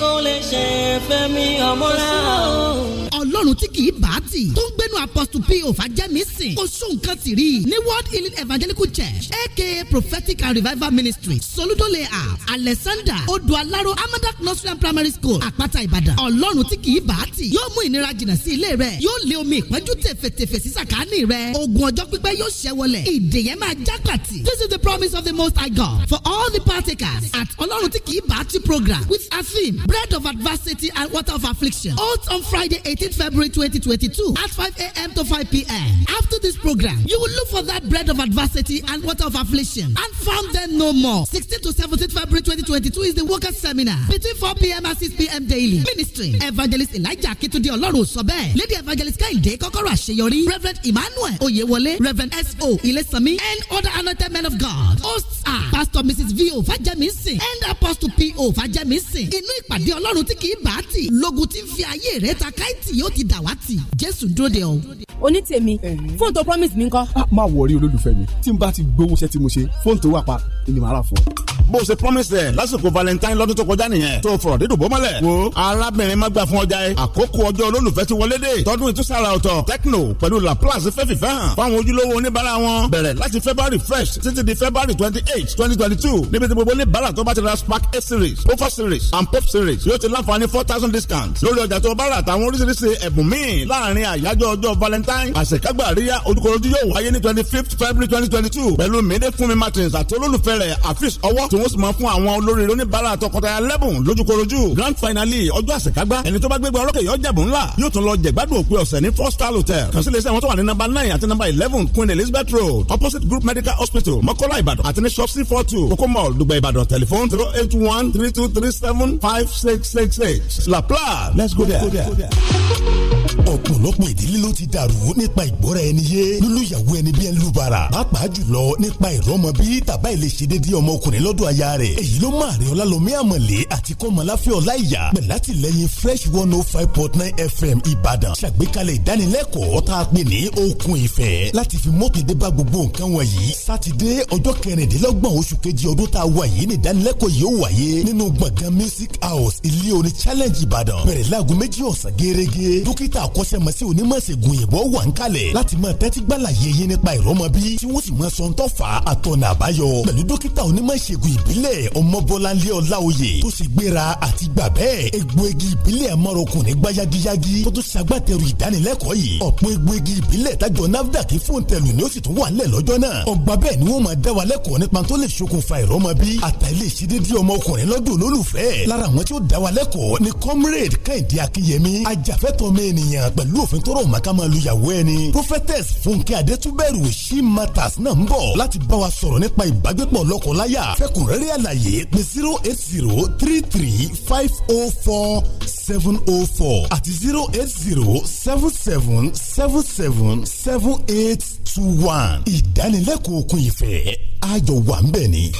kò lè ṣe fẹ́mi ọmọ rẹ̀ o ọlọ́run tí kì í bá tì tó ń gbénu apostle p o fàjẹ́mísìn oṣù nǹkan ti rí ní world healing evangelical church aka prophetic and revival ministry soludo layout alexander odualaro amadak nursery and primary school àpáta ìbàdàn ọlọ́run tí kì í bá tì yóò mú ìnira jìnnà sí ilé rẹ yóò lé omi ìpẹ́jù tẹ̀fẹ̀tẹ̀fẹ̀ sí sàkáání rẹ ogun ọjọ́ pípẹ́ yóò ṣẹ́ wọlẹ̀ ìdè máa já pàtì this is the promise of the most high God for all the partakers at ọlọ́run tí kì í bá tì program with a theme bread of adversity and water of affliction hot on friday eighteen february. February 2022 at 5 a.m. to 5 p.m. After this program, you will look for that bread of adversity and water of affliction and found them no more. 16 to 17 February 2022 is the workers' seminar between 4 p.m. and 6 p.m. daily. Ministry Evangelist Elijah Akitunde Ọlọ́run sọ Lady Evangelist Kehinde Kọ́kọ́rọ́ Àṣeyọrí. Reverend Emmanuel Oyewole. Reverend S.O. Ilesami and other anointed men of God. Hosts are Pastor Mrs. V.O. Fajemisin and Apostle P.O. Fajemisin. Inú ìpàdé Ọlọ́run tí kì í bá tì. Lógun ti fi ayé rẹ̀ ta káìtì yóò ti dàwátì jésù dóde o. oní tèmi fóònù tó promise mi ń kọ́. Ah, má wọrí olólùfẹ́ mi tí n bá ti gbowó iṣẹ́ tí mo ṣe fóònù tó wà pa ni màá rà fún ọ bó ṣe promise ẹ lásìkò valentine lọ́dún tó kọjá nìyẹn tó fọ̀rọ̀ dídùn bó mọ́lẹ̀ wo arábìnrin má gbà fún ọjà yẹ àkókò ọjọ́ olólùfẹ́ ti wọlé dé tọdún ìtúsára ọ̀tọ̀ tecno pẹ̀lú laplace fẹ́ fìfẹ́ hàn fáwọn ojúlówó oníbàárà wọn bẹ̀rẹ̀ láti february fresh títí di february twenty eight twenty twenty two níbi tí gbogbo oníbàárà tó bá ti ra spark eight series pofa series and pop series yóò ti láǹfààní four thousand discount lórí ọjà tó bá rà àtàwọn oríṣiríṣi ẹ̀bùn míì láàrin àyájọ́ ọjọ́ valentine àṣekágbà àríyá olùkọ́lójú yóò wáyé ní twenty fifth february twenty twenty two pẹ̀lú mèdè fúnmi martins àti olólùfẹ́ rẹ̀ afis ọwọ́ tó wọ́n sì máa fún àwọn olórí oníbàárà tọkọtaya lẹ́bùn lójúkorojú grand finale ọjọ́ àṣekágbá ẹni tó bá gbégbé ọlọ́kẹ̀ yọ jẹ̀bù ńlá yóò tún lọ jẹ̀gbádùn òpin ọ̀sẹ̀ ní four star hotel kàn sí iléeṣẹ́ wọn tó wà ní number nine àti number eleven queen elizabeth road opposite group medical hospital mọ́kọ́lá ìbàdàn àti ní shop c four two kókó mall dùgbẹ̀ ìbàdàn telephone zero eight one three two three seven five six six six laplace let's go there. Let's go there ọ̀pọ̀lọpọ̀ ìdílé ló ti dàrú nípa ìgbọ́ra ẹni yé lólùyàwó ẹni bí ẹni lùbàrà pàápàá jùlọ nípa ìrọmọ bí tàbá ilé ṣe déédéé ọmọkùnrin lọ́dọ̀ aya rẹ̀ èyí ló máa rí ọlálọ́mí àmọ̀lé àti kọ́mọláfẹ́ ọláìyá pẹ̀lú àtìlẹ́yìn fresh one oh five point nine fm ìbàdàn ṣàgbékalẹ̀ ìdánilẹ́kọ̀ọ́ tá a pè ní okun ìfẹ́ láti fi mọ́tòdé bá gbogbo nǹkan wọ̀nyí sátidé ọjọ́ kẹrìndínlọ́gbọ̀n oṣù kejì ọdún tá a wà yìí ní ìdánilẹ́kọ̀ọ́ yìí music house ilé orin challenge ìbàdàn bẹ̀rẹ̀ láago méjì ọ̀sán gẹ́gẹ́ dókítà dókítà akọ́ṣẹ́mọṣẹ́ onímọ̀ ṣègùn òyìnbó wà ń kalẹ̀ láti máa tẹ́tí gbàlàyé yín nípa ìrọmọbí tí wọ́n sì máa sọ ń tọ́fà àtọ̀nà àbáyọ pẹ̀lú dókítà onímọ̀ ìṣègùn ìbílẹ̀ ọmọbọ́láńlé ọláoyè tó sì gbéra àti gbà bẹ́ẹ̀ egbòogi ìbílẹ̀ amọ́rokùn ní gbáyagíyágí tó tún ṣagbátẹrù ìdánilẹ́kọ̀ọ́ yìí ènìyàn pẹ̀lú òfin tó rọ̀ mọ́ ká máa lu ìyàwó ẹni. prophetess fúnkẹ́ adétúbẹ̀rù she matters náà ń bọ̀ láti bá wa sọ̀rọ̀ nípa ìbágbépọ̀ lọ́kọ̀láyà fẹ́kùnrẹ́rẹ́ àlàyé pé zero eight zero three three five oh four seven oh four àti zero eight zero seven seven seven seven seven eight two one ìdánilẹ́kọ̀ọ́ òkun ìfẹ́ ayọ̀ wà ń bẹ̀ ni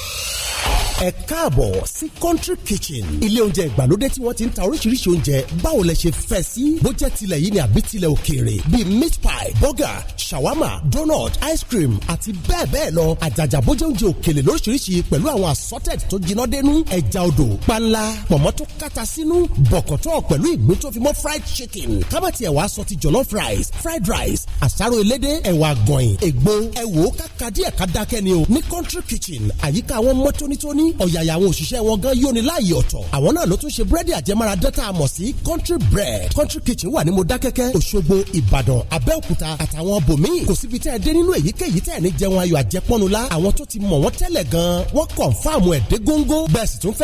ẹ káàbọ̀ sí country kitchen ilé oúnjẹ ìgbàlódé tí wọ́n ti ń ta oríṣiríṣi oúnjẹ báwo lẹ ṣe fẹ́ sí bó jẹ́ tilẹ̀ yìí ni àbí tilẹ̀ òkèèrè bíi meat pie burger shawarma donut ice cream àti bẹ́ẹ̀ bẹ́ẹ̀ lọ àjàjà bó jẹ́ oúnjẹ òkèlè lóríṣiríṣi pẹ̀lú àwọn assorted tó jiná dénú ẹja odò panla pọ̀mọ́ tó kàtà sínú bọ̀kọ̀tọ̀ pẹ̀lú ìgbín tó fi mọ́ fried chicken kábàtì ẹ̀wà aṣọ ti jollof rice fried rice àsáró elédè ẹ̀wà àgọ̀yìn ègbò ẹ̀wò kàkàdí ẹ̀ka dákẹ́ ni o ní country kitchen àyíká wọn mọ́ tónítóní ọ̀yàyà àwọn òṣìṣẹ́ wọn gan yóni láàyè ọ̀tọ̀ àwọn náà ló tún ṣe búrẹ́dì àjẹmára dẹ́ta àmọ̀ sí country bread country kitchen wà ní Modákẹ́kẹ́ Òṣogbo Ìbàdàn Abẹ́òkúta àtàwọn bòmíì kò síbi tẹ́ ẹ dé nínú èyíkéyìí tẹ́ ẹ ní jẹun ayọ̀ àjẹpọ́nu la àwọn tó ti mọ̀ wọ́n tẹ́lẹ̀ gan wọ́n kàn fáàmù ẹ̀ dé góńgó bẹ́ẹ̀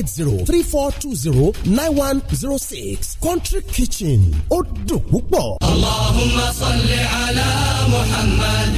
eight zero three four two zero nine one zero six country kitchen ó dùn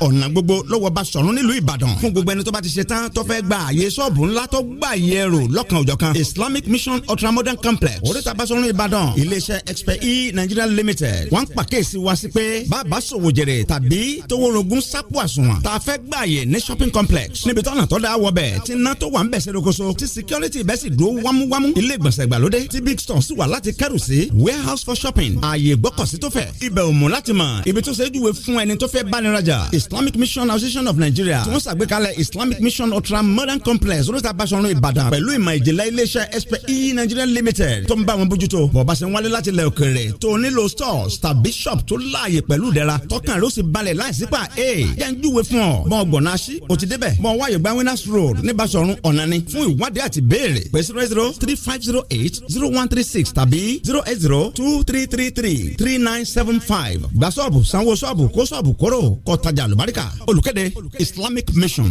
ọ̀nà gbogbo lọ́wọ́ bá sọ̀rọ̀ nílùú ìbàdàn fún gbogbo ẹni tó bá ti ṣe tán tó fẹ́ gba àyè sọ́ọ̀bù ńlá tó gbà yẹ rò lọ́kàn òjọ̀kan islamic mission ultramodern complex oríta basọ̀rọ̀ ìbàdàn iléeṣẹ́ expert e nigeria limited wọ́n ń pàkíyèsí wa sí pé bàbá sòwò jèrè tàbí toworogun sápò àsùnwọ̀n tá a fẹ́ gba àyè ní shopping complex níbi tọ́nà tó dáa wọ bẹ̀ tí iná tó wà ń bẹ̀ ṣe rokoṣo tí security bẹ́ sì dúró wámúwámú ilé ìgbọ̀nsẹ̀ ìgbàlódé tí big store sì wà láti kẹ́rù sí warehouse for shopping àyè gbọ́kọ̀sí tó fẹ̀ ibẹ̀ òmù láti mọ̀ ibi tó ṣe júwe fún ẹni tó fẹ́ báni rajà islamic mission association of nigeria tí wọ́n ṣàgbékalẹ̀ islamic mission ultra modern complex olóòtú abasọ̀run ìbàdàn pẹ̀lú ìmọ̀ ìjìnlẹ̀ iléeṣẹ́ expe nigeria limited tó ń bá wọn bójútó bọ̀bá ṣe ń wálé láti ilẹ̀ òkèèrè tó nílò stores tàbí shop tó láàyè pẹ̀lú ìdẹ́ra tọkàn ló sì balẹ̀ láìsí pa e jẹ́ ń júwe fún ọ mọ ọgbọ̀n náà sí o ti débẹ̀ mọ wáyé gba winners road ní basọ̀run ọ̀nani fún ìwádìí àti béèrè pé zero zero three five zero eight zero one three six tàbí zero eight zero two three three three three nine seven five gbàsọ́ọ̀bù sanwó sanwó sọ́ọ̀bù kó sọ́ọ̀bù kóró kọ́ tajà lùbáríkà olùkéde Islamic Mission.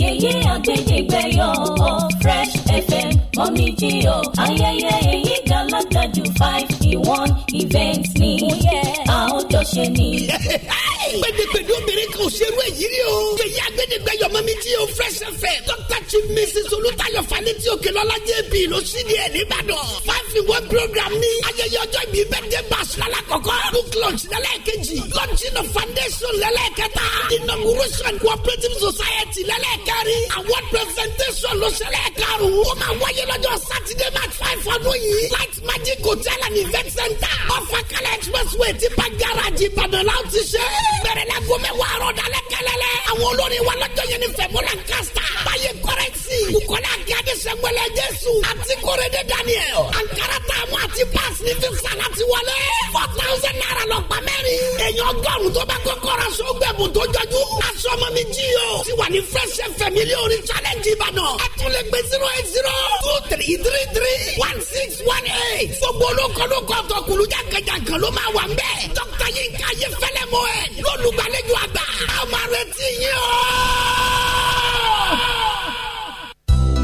yèyé àgbẹ̀dẹ̀gbẹ̀yọ̀ fresh fm mọ́mìjì o ayẹyẹ èyí gàlágàjù five in one event ni oh, a ó jọ ṣe ni. gbẹdẹgbẹdẹ obìnrin kan ò ṣerú èyí rí o. yèyí agbẹdẹgbẹ yọmọ mi tí o fresh fẹ. dr chief mrs olutayo faneti okelọla jp ló sì ní ẹ nìbàdàn. five in one program ní. ayẹyẹ ọjọ́ ìbí birthday bash lálàkọ́kọ́. book launch lẹ́lẹ́kejì. launching of foundation lẹ́lẹ́kẹta. inauguration cooperative society lẹ́lẹ́kẹrin. award presentation ló ṣẹlẹ̀ karùn-ún. ó máa wáyé lọ́jọ́ saturday march five ọdún yìí. light magic hotel and event center. ọ̀fà kalẹ̀ expressway ti pa garaji ìbàdàn láti ṣe é bẹ̀rẹ̀ la gomẹ wa arọ dalẹ̀ kẹlẹlẹ. àwọn olórí wa lọ́jọ́ yẹn ni fẹmọ la kasta. báyé kọrẹsì. u kọlẹ agade sẹgbẹlẹ jésù. a ti de daniel. ankara taamu a ti ni fi sara ti wọlé. four thousand naira lọ gba mẹ́rin. èèyàn gọ́rùn tó bá kọ́kọ́rọ́ so gbẹ̀bù tó jọjú. asọmọ mi jí o. ti wà ní fresh fm mílíọ̀nù challenge ìbàdàn. a tún lè gbé zero eight zero two three three three one six one eight. gbogbo olókòlókò tó kulujà kẹjà kan ló máa wà ń bẹ́ẹ̀. dókítà yín ká yé fẹ́lẹ́ mọ́ ẹ̀ lólùgbàlejò àgbà. àwọn arẹtí yẹn o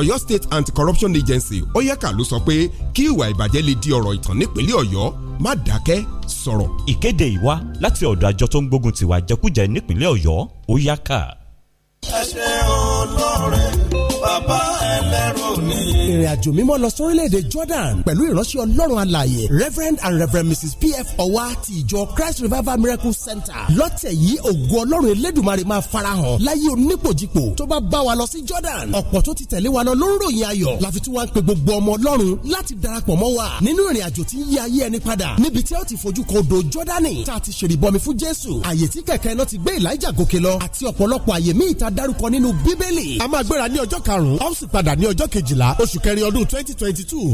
Ọ̀yọ́ State Anti-Corruption Agency oyeka ló sọ pé kí ìwà ìbàjẹ́ lè di ọ̀rọ̀ ìtàn nípínlẹ̀ Ọ̀yọ́ má dákẹ́ sọ̀rọ̀. Ìkéde ìwá láti ọ̀dọ̀ àjọ tó ń gbógun tiwa jẹkújẹ nípínlẹ̀ Ọ̀yọ́ oyeka. ẹ ṣe ọlọ́rẹ̀ bàbá ẹ ẹlẹ́rù òní. ìrìn àjò mímọ́ lọ sórílẹ̀-èdè Jordan pẹ̀lú ìránṣẹ́ ọlọ́run alààyè Reverend and Reverend Mrs P.F. Ọwa ti ìjọ Christ Revival Miracle Center lọ́tẹ̀ yìí ògo ọlọ́run elédùnmarè máa farahàn láyé onípòjìpò tó bá bá wa lọ sí Jordan ọ̀pọ̀ tó ti tẹ̀lé wa lọ ló ń ròyìn ayọ̀ láfi tí wọ́n ń pe gbogbo ọmọ ọlọ́run láti darapọ̀ mọ́ wa nínú ìrìn àjò tí ń yí ayé ẹni padà níbi tí ó ti fojú kan odò Jọ́dánì tá a ti ṣèrìbọmi fún Jésù àyè tí kẹ̀kẹ́ náà ti gbé Èlíjà gòkè lọ àti ọ̀pọ̀lọpọ̀ àyè míì ta dárúkọ nínú Bíbélì a máa gbéra ní ọjọ́ karùn-ún a padà ní ní ọjọ́ kejìlá oṣù kẹrin ọdún twenty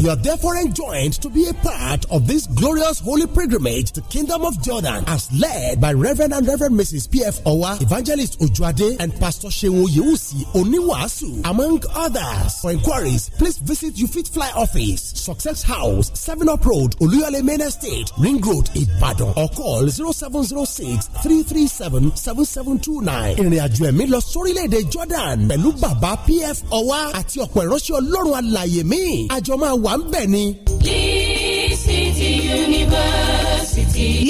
you are therefore enjoined to be a part of this glorious holy pilgrimage to kingdom of Jordan as led by Reverend and Reverend Mrs. P.F. Owa Evangelist Ojuade and Pastor Seun Yewusi Oniwaasu among others. For inquiries please visit UFIT Fly office Success House Seven Up Road Oluyale Main Estate Ring Road Ibadan or call 0706 seven zero six three three seven seven seven two Ìrìnàjò ẹ̀mí lọ sórílẹ̀-èdè Jordan pẹ̀lú bàbá P.F. Owa àti ọ̀pọ̀ ọ̀pọ̀lọpọ̀ ìránṣẹ́ ọlọ́run alàyè míì àjọ máa wà ń bẹ̀ ni. Lee City University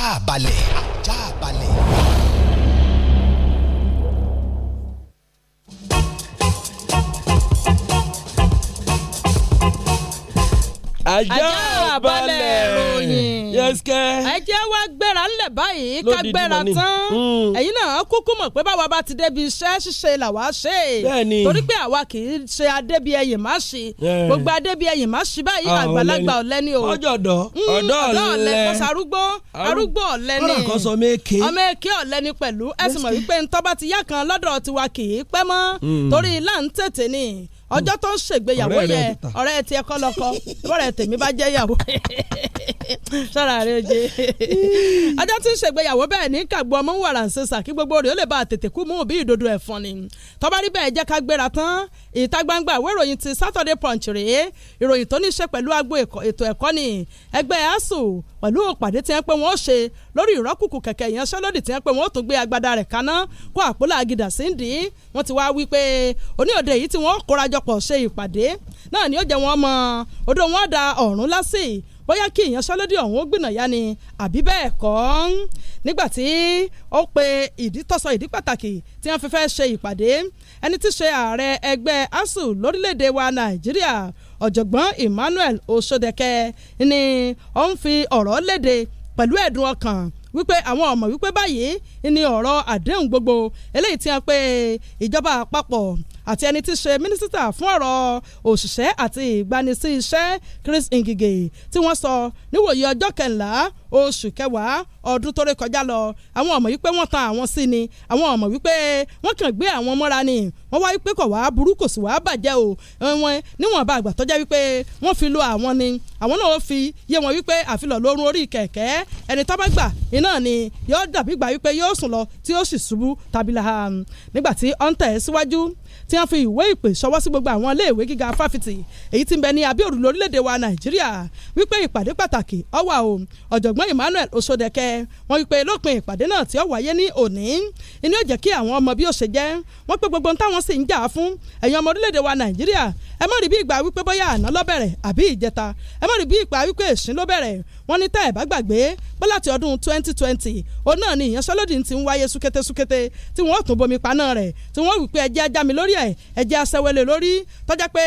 ajá balẹ̀. ajá balẹ̀. ajá balẹ̀ ròyìn kẹ́síkẹ́. ẹ jẹ́ wá gbéra ńlẹ̀ báyìí ká gbéra tán hmm. ẹ̀yin náà kúkú mọ̀ pé báwa bá ti débi iṣẹ́ ṣíṣe làwa ṣe é torí pé àwa kì í ṣe adébí ẹyìn má ṣe gbogbo adébí ẹyìn má ṣe báyìí àgbàlagbà ọ̀lẹ ni o. ọjọ́dọ̀ hmm, ọ̀dọ́ ọ̀lẹ kọ́sà arúgbó arúgbó ọ̀lẹ ni ọmọ èké ọ̀lẹ ni pẹ̀lú ẹ̀sìn mọ̀ wípé ntọ́ba ti yá kan lọ́dọ̀ tiwa kì í pẹ́ mọ́ hmm. torí ilá ń tètè ni ọjọ́ tó ń ṣègbéyàwó yẹ ọ̀rẹ́ ẹ tiẹ̀ kọ́ lọ́kọ́ bọ́ọ̀rẹ́ tèmi bá jẹ́ yàwó jàre oje ajá tí ń ṣègbéyàwó bẹ́ẹ̀ ní kàgbọ́ ọmọ wàrà ń ṣe sàkí gbogbo rẹ̀ ó lè bá àtètè kú mú bí ìdodo ẹ̀fọn ni tọ́ba rí bẹ́ẹ̀ jẹ́ ká gbéra tán ìta gbangba àwọn ìròyìn ti Saturday Punch rèé ìròyìn tó ní pẹ̀lú agbo ètò ẹ̀kọ́ ni ẹgbẹ́ ASUU pẹ̀lú ìpàdé tí pé wọ́n ṣe lórí ìrọ́kùkù kẹ̀kẹ́ ìyanṣẹ́lódì tí pé wọ́n tún gbé agbada rẹ̀ kaná kó àpólà agidà sí ń dì wọ́n ti wá wí pé òní yìí tí wọ́n kórajọpọ̀ ṣe ìpàdé náà ni ó jẹ́ wọn mọ odò wọn da ọ̀run lásì bóyá kí ìyanṣẹ́lódì ọ̀hún ó gbìnàyà ni àbí bẹ́ẹ̀ kọ́ nígbà tí ó pe ìdí tọ́sọ ìdí pàtàkì tí wọ́n fi fẹ́ ṣe ìpàdé ẹni tí ṣe ààrẹ ẹgbẹ́ asuu lórílẹ̀‐èdè wa nàìjíríà ọ̀jọ̀gbọ́n Emmanuel Osodeke ni ó ń fi ọ̀rọ̀ léde pẹ̀lú ẹ̀dùn ọkàn wípé àwọn ọmọ wípé báyìí ni ọ̀rọ̀ àdéhùn gbogbo eléyìí tí wọ́n pe ìjọba àpapọ̀ àti ẹni tí ṣe mínísítà fún ọ̀rọ̀ òṣìṣẹ́ àti ìgbanisí iṣẹ́ Chris Ngige tí wọ́n sọ níwòye ọjọ́ kẹńlá oṣù kẹwàá ọdún tó rékọjá lọ àwọn ọmọ wípé wọ́n tan àwọn sí ni àwọn ọmọ wípé wọ́n kàn gbé àwọn mọ́ra ni wọ́n wá wípé kò wá burú kò sì wá bàjẹ́ o wọn níwọ̀nba àgbà tọ́já wípé wọ́n fi lo àwọn ni àwọn náà fi yé wọn wípé àfilọ̀ lórun orí kẹ̀kẹ́ ẹni tó bá gbà iná ni yóò dàbí gbà wípé yóò sùn lọ tí yóò sì ṣubú tàbí la nígbà tí ọ̀ǹtẹ̀ síwájú tí wọ́n fi ìwé ìpè ṣọwọ́ sí gbogbo àwọn iléèwé gíga fáfitì èyí tí ń bẹ ní abíòrù lórílẹ̀‐èdè wa nàìjíríà wípé ìpàdé pàtàkì ọwà o ọ̀jọ̀gbọ́n Emmanuel Osodeke wọ́n wípé lópin ìpàdé náà tí ó wáyé ní òní inú ó jẹ́ kí àwọn ọmọ bí ó ṣe jẹ́ wọ́n pé gbogbo táwọn sì ń jà fún ẹ̀yin ọmọ orílẹ̀‐èdè wa nàìjíríà ẹ má rí bí ìgbà wípé bóyá àná ló bẹ̀rẹ̀ àbí ìjẹta ẹ má rí bí ìgbà wípé èṣin ló bẹ̀rẹ̀ wọ́n ní tẹ́ ẹ̀ bá gbàgbé pé láti ọdún 2020 òun náà ni ìyanṣẹ́lódì ti ń wáyé súkété súkété tí wọ́n tún bomi paná rẹ̀ tí wọ́n wípé ẹjẹ́ ajá mi lórí díẹ̀ ẹ̀jẹ̀ aṣẹ́wẹ́lẹ̀ lórí tọ́jà pé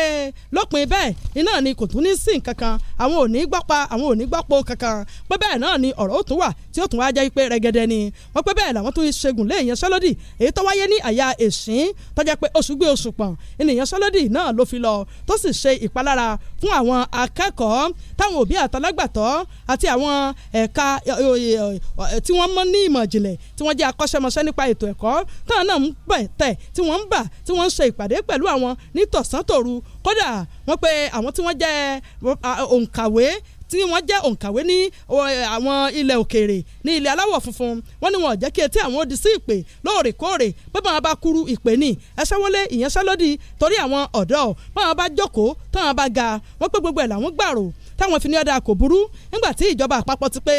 lópin bẹ́ẹ̀ iná ni kò tún ní sí kankan àwọn ò ní gbọ́pa àwọn ò ní gbọ́po kankan pé bẹ́ẹ̀ náà ni ọ̀rọ̀ ó tún wà tí ó tún wá jẹ́ pé rẹ́gẹ́dẹ́ ni wọ́n pé bẹ́ẹ̀ làwọn tún ṣẹ́gun lé ìyanṣẹ́lódì èyí tó wáyé ní àyà èṣín tọ́jà pé oṣù gbé oṣù pọ̀n ìnìyanṣẹ́lódì náà ló fi lọ tó sì ṣe ìpalára fún àwọn akẹ́kọ̀ọ́ táwọn òbí àtàlágbàtọ́ àti àwọn ẹ̀ka ṣe ìpàdé pẹ̀lú àwọn ní tọ̀sán-tòru kódà wọ́n pe àwọn tí wọ́n jẹ́ òǹkàwé tí wọ́n jẹ́ òǹkàwé ní àwọn ilẹ̀ òkèèrè ní ilẹ̀ aláwọ̀ funfun wọ́n ní wọn ò jẹ́ kí etí àwọn odi sí ìpè lóòrèkóòrè pé báwọn bá kúrú ìpè ní ẹsẹ́wọlé ìyanṣẹ́lódì torí àwọn ọ̀dọ́ báwọn bá jókòó táwọn bá ga wọ́n pé gbogbo ẹ̀ làwọn gbàrò táwọn fi ní ọ̀dà kò burú nígbà tí ìjọba àpapọ̀ ti pé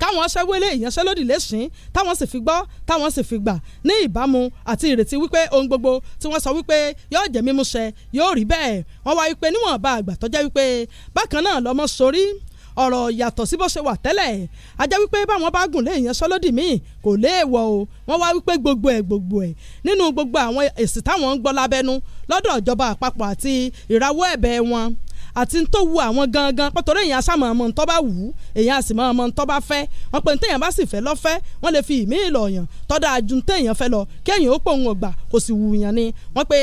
káwọn ṣẹ́wélé ìyanṣẹ́lódì lẹ́sìn táwọn sì fi gbọ́ táwọn sì fi gbà ní ìbámu àti ìrètí wípé ohun gbogbo tí wọ́n sọ wípé yóò jẹ́ mímú ṣẹ yóò rí bẹ́ẹ̀ wọ́n wá wípé níwọ̀nba àgbà tó jẹ́ wípé bákan náà lọ́mọ sorí ọ̀rọ̀ yàtọ̀ sí bó ṣe wà tẹ́lẹ̀ ajá wípé báwọn bá gùn lé ìyanṣẹ́lódì míì kò léèwọ̀ o wọ́n wá wípé gbogbo ẹ̀ gbogbo ẹ̀ nínú gbogbo àwọn èsì táwọn ń gbọ́ lábẹ́nu lọ́dọ̀ ìjọba àpapọ̀ àti ìrawọ́ ẹ̀bẹ̀ wọn àti ń tó wu àwọn gangan pọ̀tọ́rọ́ èèyàn sàmọ̀ ọmọ ntọ́ bá wù ú èèyàn sì mọ̀ ọmọ ntọ́ bá fẹ́ wọn pe ntẹ́yàn bá sì fẹ́ lọ́fẹ́ wọn lè fi ìmí ìlọ̀yàn tọ́da ju ntẹ́yàn fẹ́ lọ kéèyàn ó pòun ọgbà kò sì wù yàn ni wọn pe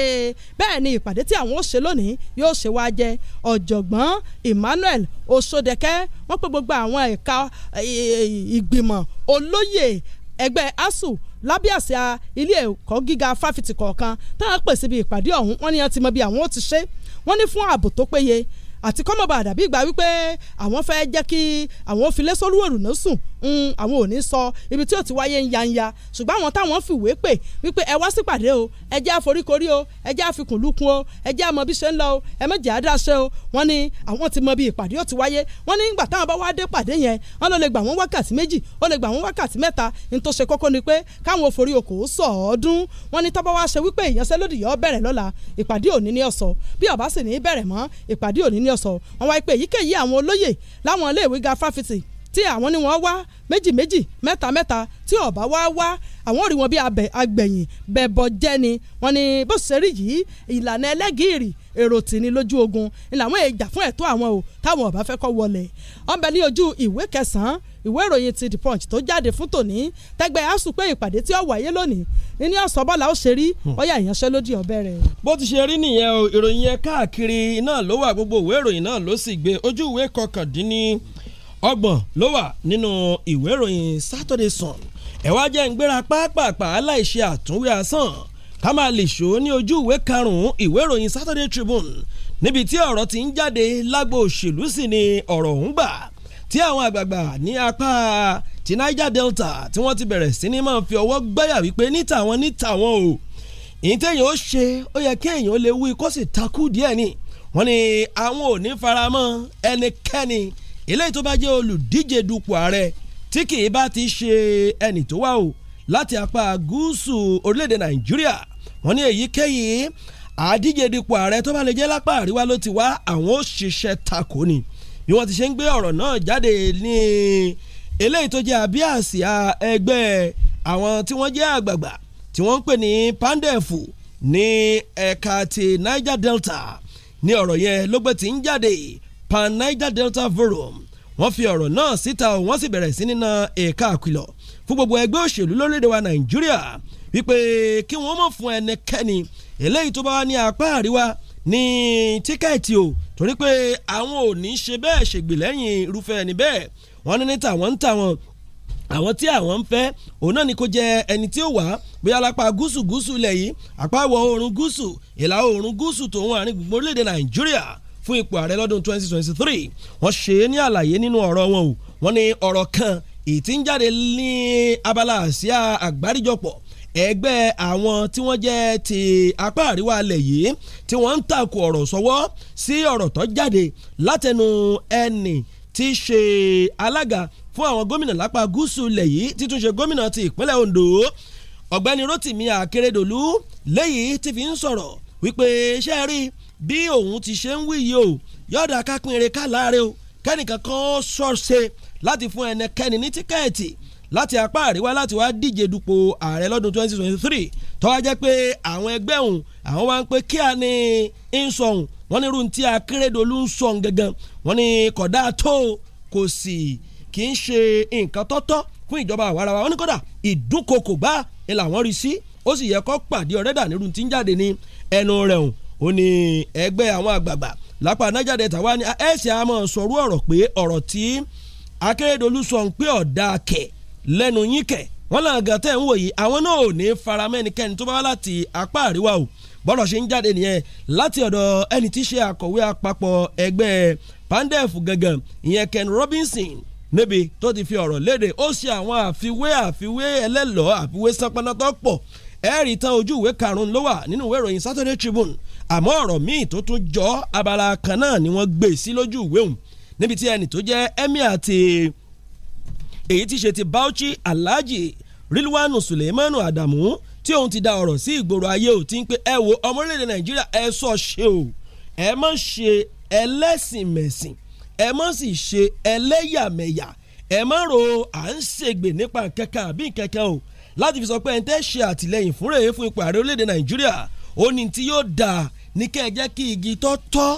bẹ́ẹ̀ ni ìpàdé tí àwọn ó ṣe lónìí yóò ṣe wá jẹ ọ̀jọ̀gbọ́n Emmanuel Osodeke wọn pe gbogbo àwọn ẹ̀ka ìgbìmọ̀ olóyè ẹgbẹ́ ASUU lábẹ́ àsíá ilé ẹ̀kọ́ gíga fáfitì kọ̀ọ̀kan táwọn pèsè ibi ìpàdé ọ̀hún wọn ni wọn ti mọ bí àwọn ó ti ṣe wọn ní fún ààbò tó péye àti kọ́mọ̀bà àdàbí ìgbà wípé àwọn fẹ́ jẹ́ kí àwọn filé sólúwòrán sùn Mm, àwọn ò ní sọ ibi tí ò ti wáyé ń yanya ṣùgbọ́n àwọn táwọn fìwé pè wípé ẹ wá sípàdé o ẹ jẹ́ àforíkorí o ẹ jẹ́ àfikùnlukùn o ẹ jẹ́ àmọ́ bí ṣe ń lọ o ẹ méjì àdáṣe o wọ́n ní àwọn ti mọ bí ìpàdé ò ti wáyé wọ́n ní ìgbà táwọn bá wá dé pàdé yẹn wọ́n ló lè gbà wọ́n wákàtí méjì ó lè gbà wọ́n wákàtí mẹ́ta ní tó ṣe kókó ni pé káwọn òfòrí okò sọ ọdún wọ́n ní tọ́ba wá ṣe wípé ìyanṣẹ́lódì yọ bẹ̀rẹ̀ lọ́la ìpàdé òní ní ọ̀sọ̀ bí ọ̀bá sì ní bẹ̀rẹ̀ mọ́ ìpàdé òní ní ọ̀sọ̀ wọ́n wáyé pé èyíkéyìí àwọn olóyè láwọn iléèwé ga fáfitì tí àwọn ni wọ́n wá méjì méjì mẹ́ta mẹ́ta tí ọ̀bá wá wá àwọn rí wọn bí agbẹ̀yìn bẹ̀bọ̀ jẹ́ ni wọ́n ní bó ṣe rí yìí ìlànà ẹlẹ́gìrì èrò tì ní lójú ogun ni làwọn èjà fún ẹ̀tọ́ àwọn o táwọn ọ̀bá fẹ́ kọ́ wọlé ọ̀nbẹ ní ojú ìwé kẹsàn-án ìwé ìròyìn ti the punch tó jáde fún tòní tẹgbẹ́ asùn pé ìpàdé tí ó wáyé lónìí ní ọ̀sán bọ́lá ó ṣe rí ọ̀yà hmm. ìyanṣẹ́lódì ọ̀bẹ rẹ̀. bó ti ṣe rí nìyẹn o ìròyìn yẹn káàkiri náà ló wà gbogbo ìwé ìròyìn náà ló sì gbé ojú ìwé kọkàndínní ọgbọ̀n ló wà nínú ìwé ìròyìn Saturday Sun ẹ̀wá jẹ́ ń gbéra pápápá aláìṣe àtúnwé asán ká máa lè ṣó ní ojú ìwé karùn-ún ìwé ìròyìn Saturday Tribune níbi tí ọ̀rọ̀ ti ń jáde lágbo òṣèlú sì ni ọ̀rọ̀ ọ̀hún gbà tí àwọn àgbààgbà ní apá ti Niger Delta tí wọ́n ti bẹ̀rẹ̀ sí ni máa fi ọwọ́ gbáyà wípé níta wọn níta wọn o èyí téèyàn ó ṣe ó yẹ kéèyàn lè wí kó sì takú díẹ̀ ni wọ́n ní àwọn ò ní faramọ́ ẹnikẹ́ni eléyìí tó bá jẹ́ olùdíje dupò ààrẹ tí kì í bá ti ṣe ẹnì tó wà o láti apá gúúsù orílẹ̀-èdè nàìjíríà wọ́n ní èyíkéyìí àdíje dupò ààrẹ tó bá lè jẹ́ lápá àríwá ló ti wá àwọn òṣìṣẹ́ takò ni bí wọ́n ti ṣe ń gbé ọ̀rọ̀ náà jáde ní eléyìí tó jẹ́ abíàsíà ẹgbẹ́ àwọn tí wọ́n jẹ́ àgbààgbà tí wọ́n ń pè ní pandẹ́fù ní ẹ̀ka ti Niger Delta ní ọ̀rọ̀ yẹn ló gbé ti ń jáde Pan Niger Delta Forum wọ́n fi ọ̀rọ̀ náà síta wọ́n sì bẹ̀rẹ̀ sí nínà ẹ̀ka àkìlọ̀ fún gbogbo ẹgbẹ́ òṣèlú lórílẹ̀‐èdè wa Nàìjíríà wípé kí wọ́n mọ̀ fún ẹnikẹ́ni eléyìí tó bá wà ní apá àríwá ní tíkẹ́ẹ̀tì o torí pé àwọn ò ní ṣe bẹ́ẹ̀ ṣègbè lẹ́yìn irúfẹ́ ẹni bẹ́ẹ̀ wọ́n ní ní tàwọn ń tàwọn àwọn tí àwọn ń fẹ́ òun náà ni kò jẹ ẹni tí ó wà bóyá lápá gúúsù gúúsù ilẹ̀ yìí àpá ìwọ̀ oòrùn gúúsù ìlà oòrùn gúúsù tòun àárín gbogbo orílẹ̀-èdè Nàìjíríà fún ipò ààrẹ lọ́dún 2023 wọ́n ṣe é ní àlàyé nínú ọ̀rọ̀ wọn o wọ́n ní ọ̀rọ̀ kan ìtí ń jáde ní abala àsíá àgbáríjọpọ̀ ẹgbẹ́ àwọn tí wọ́n jẹ́ ti apá àríwá alẹ̀ yìí tí wọ́n ń takò ọ̀rọ̀ sọ́wọ́ sí ọ̀rọ̀ tó jáde látẹnu ẹnì tí í ṣe alága fún àwọn gómìnà lápá gúúsù ilẹ̀ yìí títún ṣe gómìnà ti ìpínlẹ̀ Ondo ọ̀gbẹ́ni Rotimi Akeredolu lẹ́yìn tí fi ń sọ̀rọ̀ wípé ṣe rí i bí òun ti ṣe ń wí yìí o yọ̀dà kápín eré ká láre o kẹ́nìkan kan ṣọ́ọ̀ṣe láti fún ẹnikẹ́ni ní tíkẹ́ẹ̀tì láti apá àríwá láti wá díje dupò ààrẹ lọ́dún 2023 tó wá jẹ́ pé àwọn ẹgbẹ́ òun àwọn wá ń pé kíá ni ń sọ̀hún wọ́n ní irú tí Akérédolú ń sọ̀hún gangan wọ́n ní kódà tó kò sì kì í ṣe nǹkan tọ́tọ́ fún ìjọba àwarawa wọ́n ní kódà ìdúnkokò gbá ẹ̀ làwọn rí sí ó sì yẹ kó pàdé ọ̀rẹ́dà nírú tí ń jáde ní ẹnu rẹ̀ hùn ó ní ẹgbẹ́ àwọn àgbààgbà lápá Niger Delta wá ní ẹ̀sìn àmọ́ sọ̀rọ̀ ọ̀rọ̀ pé ọ̀rọ̀ tí Akérédolú sọ ń pé ọ̀dà kẹ̀ lẹ́nu yín kẹ̀ wọ́n lọ́n gan tẹ̀ ń wòye àwọn náà ò ní faramẹ́nikẹ́ni tó bá wá láti apá àríwá o bọ́lọ̀ ṣe ń jáde nìyẹn láti ọ̀dọ̀ ẹni tí ṣe akọ̀wé àpapọ̀ ẹgbẹ́ pandef gangan ìyẹn Ken Robinson níbi tó ti fi ọ̀rọ̀ léde ó ṣe àwọn àfiwé àfiwé ẹlẹ́lọ́ọ́ àfiwé sanpanatọ́ pọ̀ ẹ̀ẹ́rì tán ojú ìwé karùn-ún ló wà nínú ìwé ìròyìn Saturday Tribune àmọ́ ọ̀rọ̀ míì tó tún jọ abala kan náà ni wọ́n gbé sí lójú ìwé òun níbi tí ẹnì tó jẹ́ emir ti èyí ti ṣe ti Bauchi Alhaji Rilwanu Suleimanu Adamu tí òun ti da ọ̀rọ̀ sí ìgboro ayé ò ti ń pé ẹ wo ọmọlẹ́dẹ̀ Nàìjíríà ẹ sọ ṣe o ẹ má ṣe ẹlẹ́sìnmẹ̀sìn ẹ má sì ṣe ẹlẹ́yàmẹ̀yà ẹ má ro à ń ṣègbè nípa kankan àbí kankan o láti fi sọ pé ẹ ń tẹ́ ṣe àtìlẹ́yìn fúnra èyí fún ipò ààrẹ orílẹ̀-èdè Nàìjíríà ó ní tí yóò dáa ní kẹ́ ẹ jẹ́ kí igi tó tọ́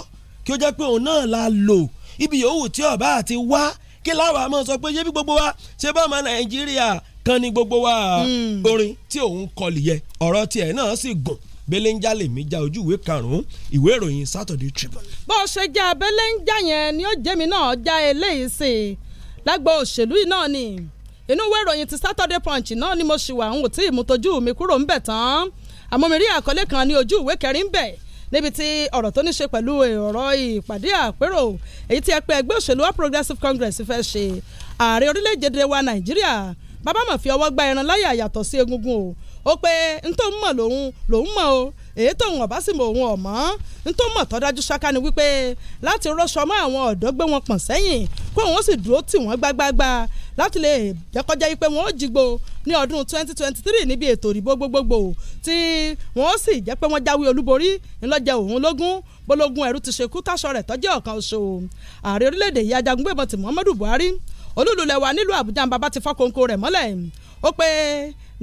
kí ó jẹ́ pé òun náà la lò ibi yòówù tí ọba àti wá kí láwa máa sọ pé yébí gbogbo wa ṣé bá ọmọ nàìjíríà kan ní gbogbo wa hmm. orin tí òun kọlì yẹ ọ̀rọ̀ tiẹ̀ náà sì gùn belenja lèmi já ojú ìwé karùnún ìwé ìròyìn Saturday Tribune. bó o ṣe já belenja yẹn ni ó mi náà já eléyìí sí i lágbo òṣèlú yìí náà ni inú ìwé ìròyìn ti Saturday Punch náà ni mo ṣì wà ń wò tí ìmútojú mi kúrò ń bẹ̀ tán àmọ́ mi rí àkọlé kan ní ojú ìwé kẹrin bẹ́ẹ̀ níbi tí ọ̀rọ̀ tó ní ṣe pẹ̀lú ọ̀rọ̀ ìpàdé àpérò èyí tí ẹgbẹ́ ẹgbẹ́ òṣèlú All Progressives Congress fẹ́ ṣe ààrẹ orílẹ̀-èdè wa Nàìjíríà bàbá mà fi ọwọ́ gba ẹran láyà yàtọ̀ sí egungun o ó pé ntọ́ mọ̀ lòun lòun mọ̀ o èyí tóun ọ̀bá sì mọ òun ọ̀mọ́ ntọ́ mọ̀ tọ́dájú ṣáká ni wípé láti rọ́ṣọ mọ́ àwọn ọ̀dọ́ gbé wọn pọ̀n sẹ́yìn kó òun sì dúró tì wọ́n gbágbágbá láti lè jẹ́kọ́jẹ́ yìí pé wọ́n ó jígbó ní ọdún 2023 níbi ètò ìdìbò gbogbogbò tí wọ́n sì jẹ́ pé wọ́n jáwé olúborí ńlọ́jẹ̀ òun lógún bólógún ẹ̀rú ti ṣekú táṣọ rẹ̀ tọ́jú ọ̀kan oṣù ààrẹ orílẹ̀-èdè yìí ajagungbébọn ti Muhammadu Buhari olúlulẹ̀ wa nílùú Àbújá ń bàbá ti fọ́ kóńkó rẹ̀ mọ́lẹ̀ ó pé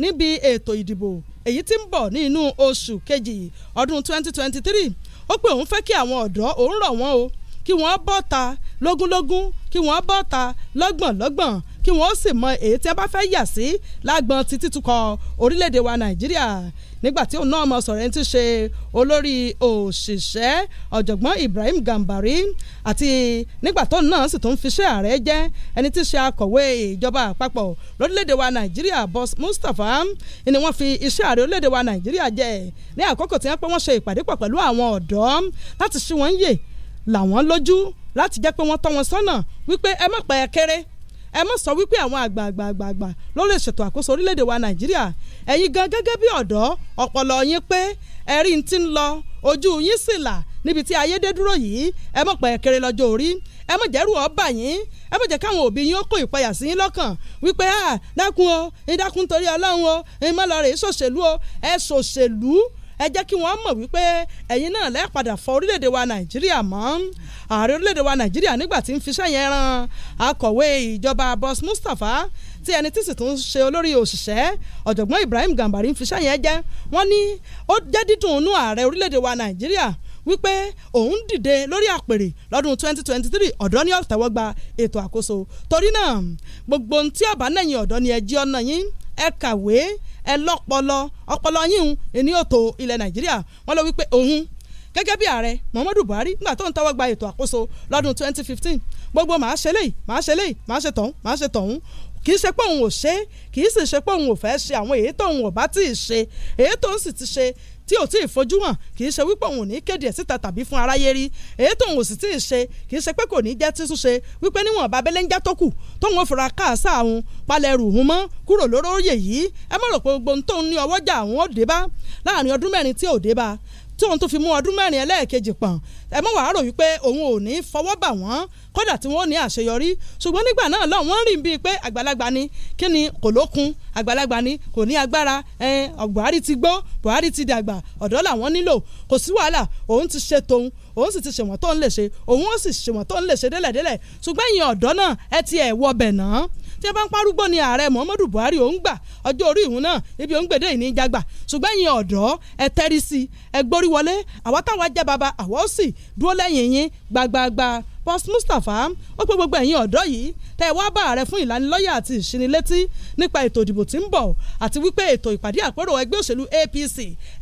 níbi ètò ìdìbò èyí tí ń bọ̀ ní inú oṣù kejì ọdún 2023 ó pé òun fẹ́ kí àwọn ọ̀dọ́ òun rọ̀ wọ́n o kí wọ́n bọ́ ta lógúnlógún kí wọ́n bọ́ ta lọ́gbọ̀nlọ́gbọ̀n kí wọ́n sì mọ èyí tí a bá fẹ́ yà sí lágbọn títí tukọ̀ orílẹ̀-èdè wa nàìjíríà nígbà tí òun náà mọ sọ̀rọ̀ ẹni tí ṣe olórí òṣìṣẹ́ ọ̀jọ̀gbọ́n Ibrahim Gambari àti nígbà tóun náà sì tún fiṣẹ́ ààrẹ jẹ́ ẹni tí ṣe akọ̀wé ìjọba àpapọ̀ lórílẹ̀‐èdè wa Nàìjíríà Boss Mustapha ni wọ́n fi iṣẹ́ ààrẹ orílẹ̀‐èdè wa Nàìjíríà jẹ ní àkókò tí wọ́n pẹ́ wọ́n ṣe ìpàdé pọ̀ pẹ̀lú àwọn ọ̀dọ́ láti ṣí wọn yè làwọn lójú láti jẹ́ pé wọ́n tọ́ wọn sọ́nà wípé ẹ má pa kéré ẹ má sọ wípé àwọn àgbààgbààgbà ló lè ṣètò àkóso orílẹ̀-èdè wa nàìjíríà ẹ̀yin gan gẹ́gẹ́ bí ọ̀dọ́ ọ̀pọ̀lọ yín pé ẹ̀rí ti ń lọ ojú yín sì là níbi tí ayédèdúró yìí ẹ mọ̀ pẹ̀ kéré lọ́jọ́ orí ẹ mọ̀ jẹ́rù ọba yín ẹ mọ̀ jẹ́ káwọn òbí yín ó kó ìpayà sí yín lọ́kàn wípé à dákun o ìdákun torí ọlọ́run o ìmọ̀lọ́rẹ̀ ìṣòṣèlú o ẹ ṣòṣèlú ẹ jẹ́ kí wọ́n mọ̀ wípé ẹ̀yin náà lẹ́ẹ̀ fọ orílẹ̀-èdè wa nàìjíríà mọ́ ààrẹ orílẹ̀-èdè wa nàìjíríà nígbà tí ń fiṣẹ́ yẹn ran akọ̀wé ìjọba Boss Mustapha tí ẹni tí sì tún ṣe olórí òṣìṣẹ́ ọ̀jọ̀gbọ́n Ibrahim Gambari ń fiṣẹ́ yẹn jẹ́ wọ́n ní ó jẹ́ dídùn inú ààrẹ orílẹ̀-èdè wa nàìjíríà wípé òun dìde lórí àpèrè lọ́dún 2023 ọ̀dọ́ ní ọ̀tẹ́wọ́ gba ètò àkóso torí náà gbogbo ohun tí ọ̀bá nẹ̀yìn ọ̀dọ́ ni ẹ jí ọ̀nà yín ẹ kàwé ẹ lọ́pọlọ ọpọlọ yín ẹni òtò ilẹ̀ nàìjíríà wọ́n lọ wípé òun gẹ́gẹ́ bí ààrẹ muhammadu buhari nígbà tó ń tọwọ́ gba ètò àkóso lọ́dún 2015 gbogbo màá ṣe léyìí màá ṣe léyìí màá ṣe tọ̀hún màá ṣe tọ̀hún kì í ṣe pé òun ò ṣe kì í sì ṣe pé òun ò fẹ́ ṣe àwọn èyí tó òun ò bá tí ì ṣe èyí tó ń sì ti ṣe tí o tí ì fojú hàn kì í ṣe wípé òun ò ní kéde ẹ̀ síta tàbí fún aráyé rí èyí tóun ò sì tí ì ṣe kì í ṣe pé kò ní jẹ́ tí súnṣe wípé níwọ̀n babẹ́lẹ́ ń já tó kù tóun ò fura káàsá àwọn palẹ̀rù òun mọ́ kúrò lóróyè yìí ẹ mọ̀ rò pé gbogbo tóun ní ọwọ́jà àwọn ò dé bá láàrin ọdún mẹ́rin tí ò dé bá tí òun tó fi mú ọdún mẹ́rin ẹlẹ́ẹ̀kejì pọ̀n ẹ mọ̀ wàá rò wípé òun ò ní fọwọ́ bà wọ́n kódà tí wọ́n ní àṣeyọrí ṣùgbọ́n nígbà náà lọ wọ́n rìn bíi pé àgbàlagbà ni kí ni kò lókun àgbàlagbà ni kò ní agbára Buhari ti gbó Buhari ti dàgbà ọ̀dọ́ làwọn nílò kò sí wàhálà òun ti ṣe tòun òun sì ti ṣèwọ̀n tó ń lè ṣe òun ó sì ṣèwọ̀n tó ń lè ṣe délẹ̀délẹ̀ ṣùgbọ́n ìyẹn ọ̀dọ́ náà ẹ ti ẹ̀ wọbẹ̀ náà tí ẹ bá ń parúgbó ni ààrẹ Muhammadu Buhari òun gbà ọjọ́ orí ìhun náà ibi òun gbèdé ìní jagbà ṣùgbọ́n ẹ̀yin ọ̀dọ́ ẹ tẹ́rí sí ẹ gbórí wọlé àwa táwa jẹ́ baba àwa ó sì dúró lẹ́yìn yín gbagbagba Post Mustapha ó pé gbogbo ẹ̀yin ọ̀dọ́ yìí tẹ́ ẹ wá bá ààrẹ fún ìlanilọ́yẹ̀ àti ìṣinilétí nípa ètò ìdìbò tí ń bọ̀ àti wípé ètò ìpàdé àpérò ẹgbẹ́ òṣèlú APC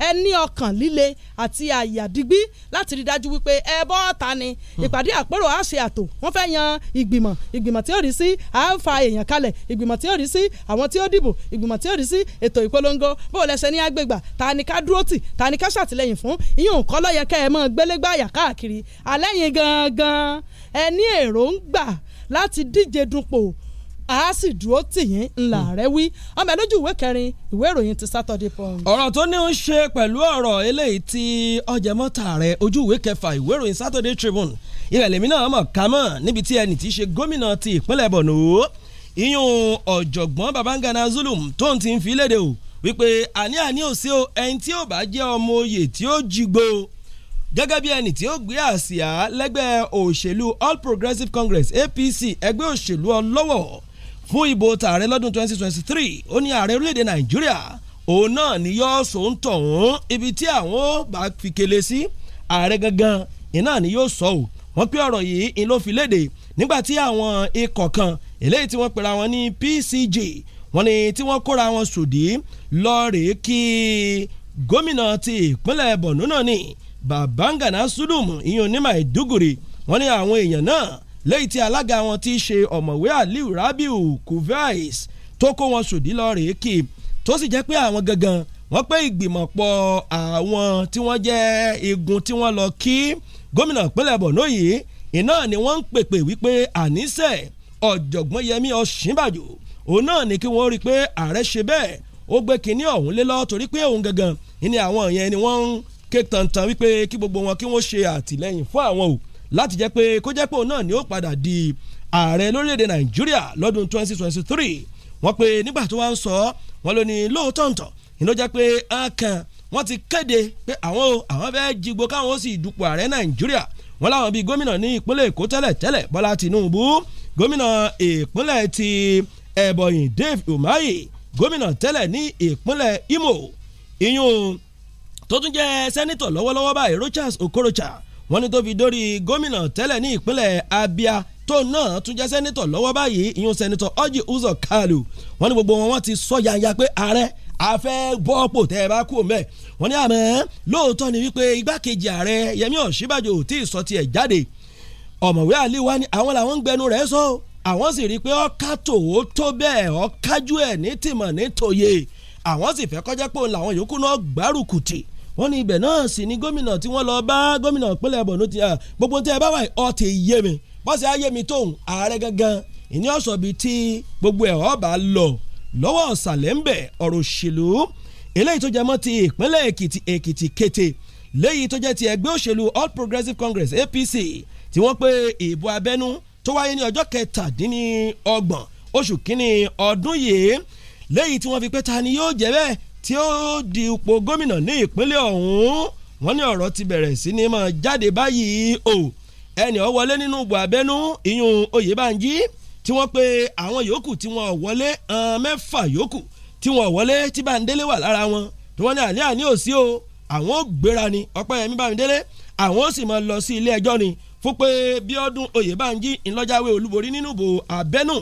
ẹ ní ọkàn líle àti àyà digbí láti rí dájú wípé ẹ bọ́ ta ni hmm. ìpàdé àpérò á ṣe àtò wọ́n fẹ́ yan ìgbìmọ̀ ìgbìmọ̀ tí ó rí sí à ń fa èèyàn kalẹ̀ ìgbìmọ̀ tí ó rí sí àwọn tí ó dìbò ìgbìmọ̀ tí ó rí sí ètò ìpolongo bó lẹsẹ̀ ní agbègbà ta ni ká dúró tì ta ni ká ṣàtìlẹ́yìn fún ìyóò kọ́ lọ́yẹ kẹ́ ẹ mọ́ gbélégbáyà káàkiri àlẹ́yìn gangan ẹ ní èròǹgbà láti díje dupò a sì dúró tì yín ńlá rẹ wí ọmọ ẹlójú ìwé kẹrin ìwé ìròyìn ti Saturday Punch. ọ̀rọ̀ tó ní ń ṣe pẹ̀lú ọ̀rọ̀ eléyìí ti ọ̀jẹ̀mọ́ta rẹ̀ ojú ìwé kẹfà ìwé ìròyìn Saturday Tribune ìrẹ̀ lèmi náà mọ̀ ká mọ̀ níbi tí ẹnì tí í ṣe gómìnà ti ìpínlẹ̀ Borno ìyún ọ̀jọ̀gbọ́n Babangana Zulum tó ń ti ń fi léde o wípé àní àní ò sí o ẹni tí ò bá jẹ́ ọmọ oyè tí ó jigbó gẹ́gẹ́ bí ẹni tí ó gbé àsíá lẹ́gbẹ́ òṣèlú All Progressives Congress APC ẹgbẹ́ òṣèlú ọlọ́wọ̀ fún ìbò tààrẹ lọ́dún 2023 ó ní ààrẹ orílẹ̀-èdè Nàìjíríà òun náà ni yóò sọ ń tọ̀hún ibi tí àwọn bá fi kele sí ààrẹ gangan iná ni yóò sọ ò wọ́n pé ọ̀rọ̀ yìí ń ló fi léde nígbà tí àwọn ikọ̀ kan eléyìí tí wọ́n pera wọn ní PCG wọ́n ní tí wọ́n kóra wọn sòdí lọ́ọ̀rẹ́ kí gómìnà ti ìpínlẹ̀ Borno náà ni Babangana Sudum ìyẹn ní Maiduguri wọ́n ní àwọn èèyàn náà lẹ́yìn tí alága wọn ti ṣe ọ̀mọ̀wé Aliu Rabiu Kuvais tó kó wọn sòdí lọ rèé kí tó sì jẹ́ pé àwọn gangan wọ́n pé ìgbìmọ̀pọ̀ àwọn tí wọ́n jẹ́ igun tí wọ́n lọ kí gómìnà ìpínlẹ̀ Borno yìí iná ni wọ́n ń pèpè wípé àníṣe ọ̀jọ̀gbọ́n Yẹmí Ọ̀ṣínbàjò òun náà ni kí wọ́n rí i pé ààrẹ ṣe bẹ́ẹ̀ ó gbé kinní ọ̀hún lé lọ torí pé òun gangan ni àwọn yẹn ni wọ́n ń ké tantan wípé kí gbogbo wọn kí wọ́n ṣe àtìlẹ́yìn fún àwọn o láti jẹ́ pé kó jẹ́ pé òun náà ni ó padà di ààrẹ lórílẹ̀‐èdè nàìjíríà lọ́dún 2023 wọ́n pe nígbà tó wá ń sọ wọ́n ló ní ni ló jẹ́ pé ọkàn wọ́n ti kéde pé àwọn o àwọn fẹ́ jígbó káwọn ó sì dupò ààrẹ nàìjíríà wọ́n láwọn bíi gómìnà ní ìpínlẹ̀ èkó tẹ́lẹ̀ tẹ́lẹ̀ bọ́lá tinubu gómìnà ìpínlẹ̀ ti ẹ̀bọ̀yìn dave umahi gómìnà tẹ́lẹ̀ ní ìpínlẹ̀ imo ìyún tó tún jẹ́ sẹ́nitọ̀ lọ́wọ́lọ́wọ́ báyìí Rochas Okorocha wọ́n ní tó fi dórí gómìnà tẹ́lẹ̀ ní ìpínlẹ̀ Abia tó náà tún jẹ́ sẹ́nitọ̀ lọ́wọ́ báyìí ìyún sẹ́nitọ̀ Orji Uzor Kalu wọ́n ní gbogbo wọn ti sọ yanya pé ààrẹ afẹ́ bọ́pò tẹ́ ẹ bá kú mẹ́ wọ́n ní àmọ́ lóòótọ́ ni wípé igbákejì ààrẹ Yẹmí Ọ̀ṣínbàjò tí ì sọ tiẹ̀ jáde ọ̀mọ̀wé àlíwá ni àwọn làwọn ń gbẹnu rẹ̀ sọ àwọn sì rí i pé ọ̀ka tòó tó bẹ́ẹ̀ ọ̀kájú ẹ̀ ní tìmọ̀ ní tòye àwọn sì fẹ́ kọjá pé òun làwọn yòókù náà gbárùkùtì wọ́n ní ibẹ̀ náà sì ni gómìnà tí wọ́n lọ bá gómìnà ìpínlẹ̀ Borno ti hàn gbogbo tí ẹ bá wà ọ yé mi bọ́sẹ̀ á yé mi tóun ààrẹ gangan ìní ọ̀sọ̀ bíi tí gbogbo ẹ̀ ọ́ bá lọ lọ́wọ́ ọ̀sàlẹ̀ ń bẹ̀ ọ̀rọ̀ òṣèlú eléyìí tó jẹ mọ́ ti ìpínlẹ̀ Èkìtì Èkìtì kété léyìí tó jẹ́ ti ẹgbẹ́ òṣèlú All Progressives Congress APC tí wọ́n pé ìbò abẹ́nú tó wáyé ní ọjọ́ kẹtàdínlọ́gbọ̀n oṣù kínní ọdún yìí léyìí tí wọ́n fi pé ta ni yóò jẹ́ bẹ́ẹ̀ tí ó di ipò gómìnà ní ìpínlẹ̀ ọ̀hún wọ́n ní ọ̀rọ̀ ti bẹ̀rẹ̀ sí ni máa jáde báyìí o ẹnì ó wọlé nínú ìbò abẹ́nú ìyún Oyèbánjí tí wọ́n pe àwọn yòókù tí wọ́n wọlé mẹ́fà yòókù tí wọ́n wọlé tí Bámidélé wà lára wọn tí wọ́n ní àní àní ò sí o àwọn ò gbéra ni Ọpẹ́yẹmí Bámidélé àwọn ò sì máa lọ sí ilé ẹjọ́ ni fún pé Bíọ́dún Oyèbánjí ńlọ́jáwé olúborí nínú ìbò abẹ́nú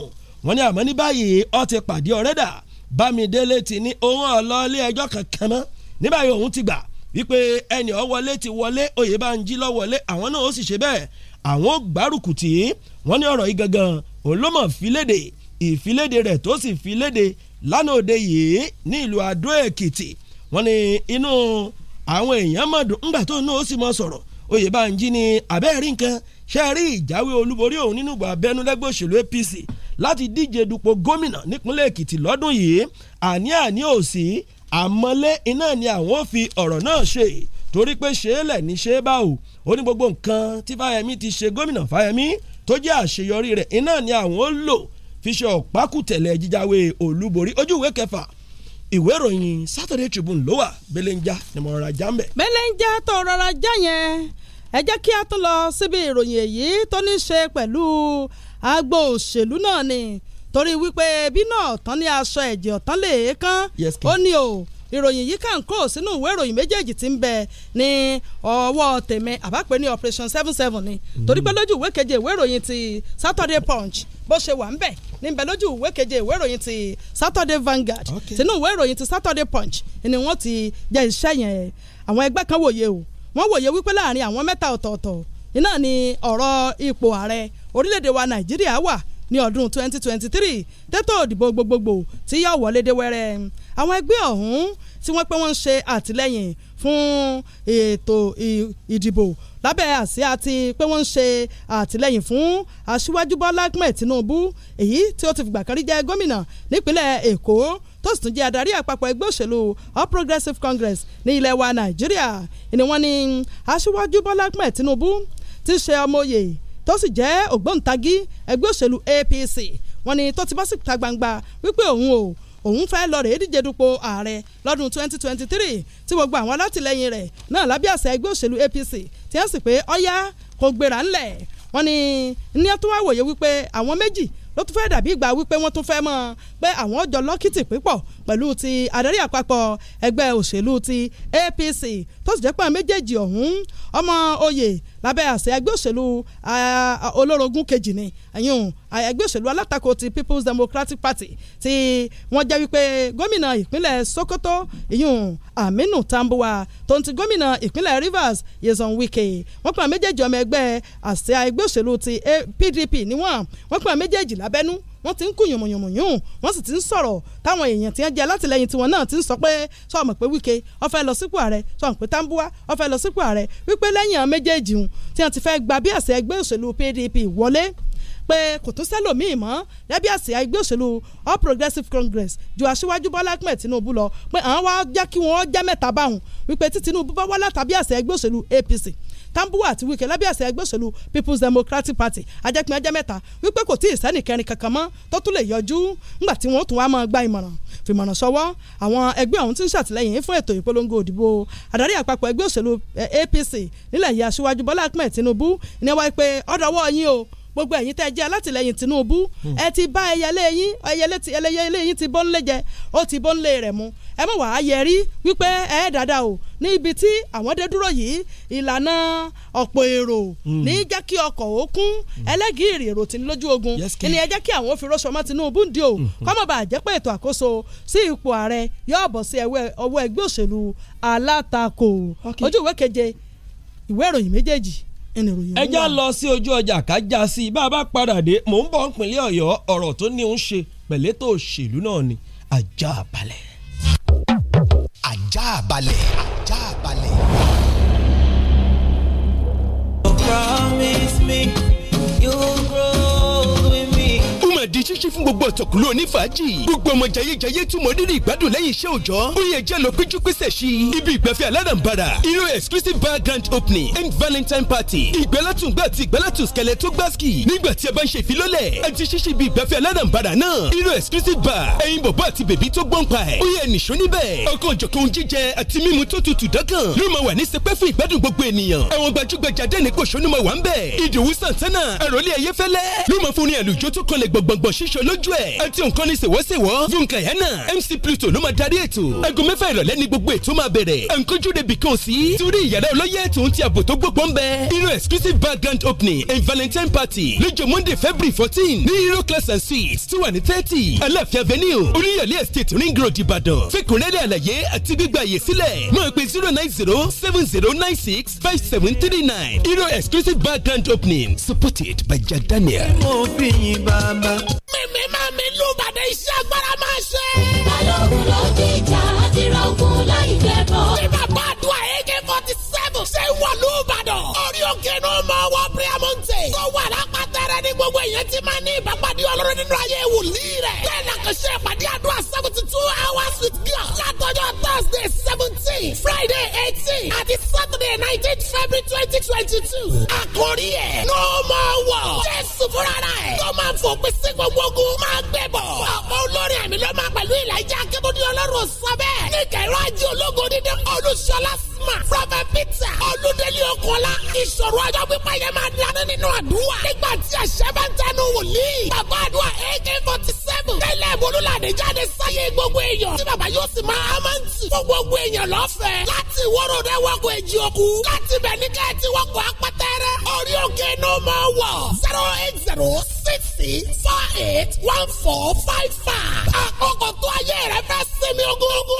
wọ́n ní àmọ́ ní báyìí ó ti pàdé ọ̀rẹ́dà Bámidélé ti ní òun ọ̀lọ́ ilé ẹjọ́ kankan mọ́ ní báyìí òun ti gbà wípé ẹnì ọ̀wọ́lé ti wọlé Oyèbánjí ló wọlé àwọn náà ó sì ṣe bẹ́ẹ̀ àwọn ò gbárùkù tì í wọ́n ní ọ̀rọ̀ yìí gangan òun ló mọ̀ fílédè ìfílédè rẹ̀ tó sì fílédè lánàá òde yìí ní ìlú Adó Èkìtì wọ́n ní inú àwọn èèyàn mọ̀dún ńgbà tó náà ó sì mọ̀ sọ̀rọ̀ Oyèbánjí ní abẹ́ẹ̀rí nǹkan ṣe rí ìjáwé olúborí òun nínú ìgbà abẹ́nulẹ́gbẹ́ òṣèlú APC láti díje dupò gómìnà nípínlẹ̀ Èkìtì lọ́dún yìí àní àní òsì àmọ́lé iná ni àwọn ò fi ọ̀rọ̀ náà ṣe torí pé ṣe é lẹ̀ ní ṣe é bá o ó ní gbogbo nǹkan tí Fáyẹmí ti ṣe gómìnà Fáyẹmí tó jẹ́ àṣeyọrí rẹ̀ iná ni àwọn ò lò fi ṣe ọ̀pákùtẹ̀lẹ̀ jíjáwé olúborí ojú kẹfà ìwé ìròyìn Saturday Tribune ló wà belenja ni mo rọra já ń bẹ̀. belenja tó rọra já yẹn ẹ jẹ́ kí a tún lọ síbi ìròyìn èyí tó ní í ṣe pẹ̀lú agbo òṣèlú náà ni torí wípé bí náà tán ní aṣọ ẹ̀jẹ̀ ọ̀tán lè é kán ó ní o ìròyìn yìí kàn kó sínú ìwé ìròyìn méjèèjì tí ń bẹ ní ọwọ́ tèmi àbápẹ́ ní operation seven seven ni mm. torí pé lójú ìwé keje ìwé ìròyìn ti Saturday Punch bó ṣe wà ń bẹ̀ níbẹ̀ lójú ìwé keje ìwé ìròyìn ti Saturday Vanguard sínú ìwé ìròyìn ti Saturday Punch ni wọ́n ti jẹ́ iṣẹ́ yẹn àwọn ẹgbẹ́ kan wòye o wọ́n wòye wípé láàrin àwọn mẹ́ta ọ̀tọ̀ọ̀tọ̀ iná ni ọ̀rọ̀ ipò ààrẹ orílẹ̀-èdè wa nàìjíríà wà ní ọdún 2023 tètò òdìbò gbogbogbò tí yóò wọlé dé wẹ́rẹ́ àwọn ẹgbẹ́ ọ̀hún tí wọ́n pé wọ́n ń ṣe àtìlẹ́yìn fún ètò ìdìbò lábẹ́ àsíá ti pé wọ́n ń ṣe àtìlẹ́yìn fún aṣíwájú bọ́lá ahmed tinubu èyí tí ó ti fìgbà kan rí jẹ́ gómìnà nípínlẹ̀ èkó tó sì tún jẹ́ adarí àpapọ̀ ẹgbẹ́ òṣèlú All Progressives Congress ní ilẹ̀ wa Nàìjíríà ni wọ́n ní aṣíwájú Bọ́lá Ahmed Tinubu ti ṣe ọmọ tó sì jẹ́ ògbóǹtagí ẹgbẹ́ òṣèlú APC wọ́n ní tó ti bá síta gbangba wípé òun o òun fẹ́ lọ rèé díje dupò ààrẹ lọ́dún 2023 tí gbogbo àwọn alátìlẹyìn rẹ̀ náà lábẹ́ àṣẹ ẹgbẹ́ òṣèlú APC tí wọ́n sì pé ọ̀yá kò gbéra ńlẹ̀ wọ́n ní ní tó wá wòye wípé àwọn méjì ló tún fẹ́ dàbí ìgbà wípé wọ́n tún fẹ́ mọ́ pé àwọn ọjọ́ lọ́kìtì pípọ̀ pẹ̀lú ti adarí àpapọ̀ ẹgbẹ́ òṣèlú ti APC tó sì jẹ́ pé méjèèjì ọ̀hún ọmọ oyè lábẹ́ àṣẹ ẹgbẹ́ òṣèlú olórogún kejì ni ẹ̀yìn ẹgbẹ́ òṣèlú alátakò ti People's Democratic Party tí wọ́n jẹ́ wípé gómìnà ìpínlẹ̀ Sokoto ìyún Aminu Tambuwa tó ń ti gómìnà ìpínlẹ̀ Rivers Yeson Wike wọ́n pè méjèèjì ọmọ ẹgbẹ́ àṣẹ ẹgbẹ́ òṣèlú ti PDP níwọ̀n wọ́n pè méjèèjì lábẹ́nú wọ́n ti ń kú yànmùyànmùyàn wọ́n sì ti ń sọ̀rọ̀ táwọn èèyàn ti ń jẹ́ alátìlẹyìn tiwọn náà ti ń sọ pé sọ mọ̀ pé Wike ó lọ sípò ààrẹ sọ mọ̀ pé Tambuwa ó lọ sípò ààrẹ wípé lẹ́yìn àwọn méjèèjì hùn tí wọ́n ti fẹ́ gba bí àṣẹ ẹgbẹ́ òṣèlú PDP wọlé pé kò tún sẹ́lòmíì mọ́ lẹ́bí àsìá ẹgbẹ́ òṣèlú All Progressives Congress ju aṣíwájú Bọ́lá Ahmed Tinubu lọ pé àwọn wá jẹ́ kí wọ́n jẹ́ mẹ́ta báwọn wípé tí Tinubu bá wá látàbí àsìá ẹgbẹ́ òṣèlú APC Tambuwa àti Wike lábẹ́ àṣẹ ẹgbẹ́ òṣèlú People's Democratic Party ajẹ́pin ajẹ́ mẹ́ta wípé kò tí ì sẹ́nì kẹrin kankan mọ́ tó tún lè yọjú ńgbà tí wọ́n tún wá máa gba ìmọ̀ràn fìmọ̀ràn sọ́wọ́ àwọn ẹgbẹ́ ọ̀hún ti ń ṣàtìlẹ́yìn fún ètò ìpolongo òdìbò adarí àpapọ̀ ẹgbẹ́ òṣèlú eh, APC nílẹ̀ yìí aṣíwájú Bọ́lá Ahmed Tinubu ní gbogbo ẹ̀yin tẹ́ jẹ́ alátìlẹyìn Tinubu ẹ ti bá ẹyẹlé yín ẹyẹlé yín ti bọ́ jẹ ó ti bọ́ rẹ̀ mu ẹ mọ̀ wá yẹrí wípé ẹ dáadáa o ní ibi tí àwọn dé dúró yìí ìlànà ọ̀pọ̀ èrò hmm. ní jẹ́ kí ọkọ̀ ó kún hmm. ẹlẹ́gìrì èrò tí ń lójú ogun ìní ẹ jẹ́ kí àwọn òfin rọ́ṣọmọ́ Tinubu ń di o hmm. kọ́mọ̀ bá jẹ́ pé ètò àkóso sí ipò ààrẹ yóò bọ̀ sí ọwọ́ ẹgbẹ́ òṣèlú alátakò ojú ìwé keje ìwé ìròyìn méjèèjì ẹ já lọ sí ojú ọjà ká já sí bá a bá padà dé mò ń bọ̀ nípínlẹ̀ ọ̀yọ́ ọ̀rọ̀ tó ní ń ṣe pẹ̀lẹ́ tó òṣèlú náà ni ajá balẹ̀. ajá balẹ̀ ajá balẹ̀. promise me you'll máa di ṣíṣí fún gbogbo ọ̀tọ̀kùlú onífàájì gbogbo ọmọ jayéjayé túmọ̀ rírì ìgbádùn lẹ́yìn iṣẹ́ òòjọ́ ó yẹ jẹ́ lọ péjú pésẹ̀ sí ibi ìgbafẹ́ alárànbarà irú exclusive bar grand opening and valentine party ìgbẹ́látùngbà àti ìgbẹ́látùn skẹlẹ tó gbásìkì nígbà tí ẹ bá ń ṣe ìfilọ́lẹ̀ àti ṣíṣí ibi ìgbafẹ́ alárànbarà náà irú exclusive bar ẹ̀yin bọ̀bọ̀ àti bèbí tó gbọ́n pa ẹ̀ ó yẹ nìṣó níbẹ̀ ọkọ̀ òjọ̀kan jíjẹ àti mímu tó tutù dọ́kàn ló máa wà ní sẹpẹ́ fún ìgbádùn gbogbo ènìyàn àwọn gbajúgbajà dẹ́ni kò ṣónú máa wà ń bẹ̀ ìdòwú santana àròlé ayéfẹ́lẹ́ ló máa fún ní àlùjọ tó kan lè gbọ̀g gbọ̀ngbọ̀ngbọ̀ngbọ̀n ṣíṣe lójú ẹ̀ àti nǹkan ní ṣèwọ́ṣèwọ́ fúnkẹ́ yẹn náà MC Pluto ló máa darí ètò aago mẹ́fà ìrọ̀lẹ́ ni gbogbo ètò máa bẹ̀rẹ̀ àǹkójú de bìkan sí torí ìyàrá olóyè tó ti àbò tó gbogbo ń bẹ inú exclusive bar grand opening and valentine party lọ́jọ́ monday february fourteen ní euro class and suites tí wà ní thirty aláfíà venue oníyọ̀lẹ̀ estate ring road ìbàdàn fẹ́kùnrẹ́rẹ́ àlàyé àti gbígba àyè sílẹ̀ máa pe zero nine zero seven zero nine six five seven three nine euro exclusive bar grand opening supported by jadania. mo fi yin bàbá dáadáa. mímí máa mi lù bàdé iṣẹ́ agbára máa ṣe. balógun ló jíjà àti ra ogun láì bẹ̀ bọ̀. bí bàbá àdúrà ak forty seven ṣe ń wọ̀ lù Ìbàdàn. orí òkè ní ọmọ wọ prayer mountain. tó wà lápàtẹ́rẹ́ ní gbogbo èèyàn ti máa ní ìbápadì Ọlọ́run nínú ayé wòlíì rẹ̀. bẹ́ẹ̀ ni àkànṣe ìpàdé àdúrà seventy two two hours with God látọjọ́ Thursday seventeen Friday eighteen àti Saturday nineteen February twenty twenty two àkórí ẹ̀ no more war Jésù fúnra rẹ̀ tó máa fòpin sí gbogbo ogun máa gbẹ bọ̀ ọ̀pọ̀ olórí ẹ̀mí ló máa pẹ̀lú ìlàjà akébódé ọlọ́run sọ bẹ́ẹ̀ ní kẹrọ ajé ológo dídé olùṣọlá ma prọfẹ peter olùdélé ọkọlá ìṣòro ọjọ́ pípa yẹn máa dání nínú àdúrà nígbà tí àṣẹ bá ń tẹnu wòlíì bàbá àdúrà ak forty seven tẹ́lẹ̀ bolúladé jáde sáyé gbogbo gbogbo èèyàn tí bàbá yóò sì máa amáǹtì fún gbogbo èèyàn lọ́fẹ̀ẹ́ láti ìwọ́rò rẹ̀ wọ́kọ̀ èjì òkú láti bẹ̀ ní kẹ́ẹ̀tì wọ́kọ̀ apẹ́tẹ́rẹ́ orí òkè ní o máa wọ̀ zero eight zero six six four eight one four five five àkókò tó ayé rẹ̀ fẹ́ sinmi ogógó.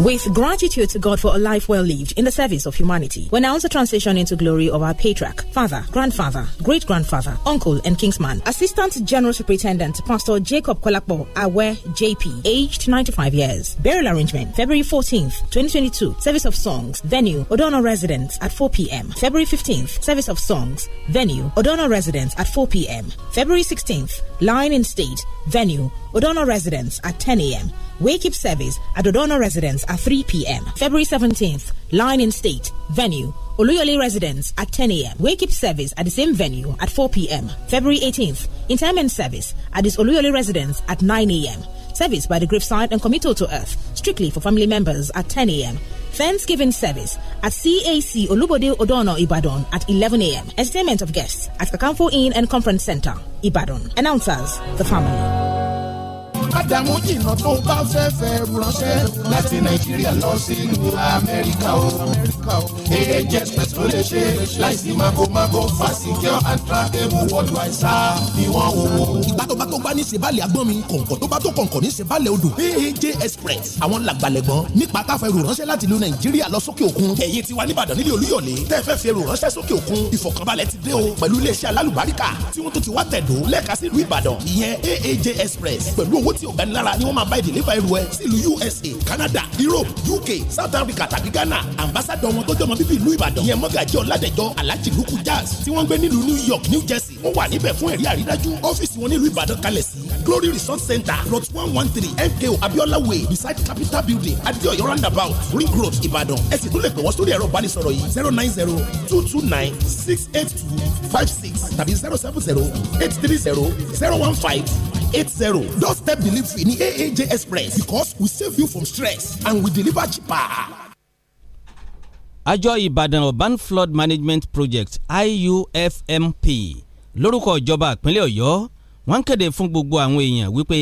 With gratitude to God for a life well lived in the service of humanity, we announce the transition into glory of our patriarch, father, grandfather, great grandfather, uncle, and kingsman, Assistant General Superintendent, Pastor Jacob Kolakbo Awe JP, aged 95 years. Burial arrangement, February 14th, 2022. Service of songs, venue, Odono Residence at 4 p.m. February 15th, service of songs, venue, Odono Residence at 4 p.m. February 16th, line in state, venue, Odono residents at 10 a.m. Wake up service at Odono residents at 3 p.m. February 17th, line in state, venue. Oluyole residents at 10 a.m. Wake up service at the same venue at 4 p.m. February 18th, interment service at this Oluyole residence at 9 a.m. Service by the Graveside and Committal to Earth, strictly for family members at 10 a.m. Thanksgiving service at CAC Olubode Odono Ibadan at 11 a.m. Entertainment of guests at Kakamfo Inn and Conference Center, Ibadan. Announcers, the family. kádàmú jìnnà tó bá fẹ́ fẹ́ ránṣẹ́ láti nàìjíríà lọ sílùú amẹ́ríkà o. èyí jẹ́ express ló lè ṣe láìsí magomago fásikẹ́ àtàkẹ́wò worldwide sá ni wọ́n wò. ìgbà tó bá tó bá ní sèbálẹ̀ agbọ́n mi kọ̀ǹkọ̀ tó bá tó kọ̀ǹkọ̀ ní sèbálẹ̀ odò AAJ express àwọn làgbàlẹ̀gbọ́n nípa káfẹ́ rò ránṣẹ́ láti lu nàìjíríà lọ sókè òkun ẹ̀yin tiwa níbàdàn nílé olúyọ̀lé tẹ́ fẹ́ fi rò ránṣẹ́ sókè òkun ìfọ̀kànbalẹ̀ ti dé o pẹ̀lú iléeṣẹ́ alálùbáríkà tí wọ́n tún ti wá tẹ̀dó lẹ́ka sílùú ìbàdàn ìyẹn AAJ express pẹ̀lú owó t tí ò gani lára ni wọ́n máa bá ìdílé fa ẹrù ẹ sílùú USA Canada Europe UK South Africa tàbí Ghana ambassadọ wọn tó jọmọ bíbí ìlú Ìbàdàn ìyẹn mọ́gàjì ọ̀làdẹ̀jọ aláàjì lukú jazz tí wọ́n ń gbé nílùú New York New Jersey ó wà níbẹ̀ fún ẹ̀rí àrídájú ọ́fíìsì wọn nílùú Ìbàdàn kalẹ̀ sí Glory Resort Center plot one one three MKO Abiola Way beside Capital Building Adioye roundabout Ring Road Ìbàdàn ẹ sì tún lè pè wọ́n sórí ẹ̀rọ ìbánisọ̀rọ̀ yìí zero nine zero two two nine six eight two five six tàbí zero seven zero eight three zero zero one five eight zero doorstep delivery ní aaj express because we save you from stress and we deliver cheaper. àjọ ìbàdàn urban flood management project iufmp lórúkọ ìjọba ìpínlẹ̀ ọ̀yọ́ wọ́n ń kéde fún gbogbo àwọn èèyàn wípé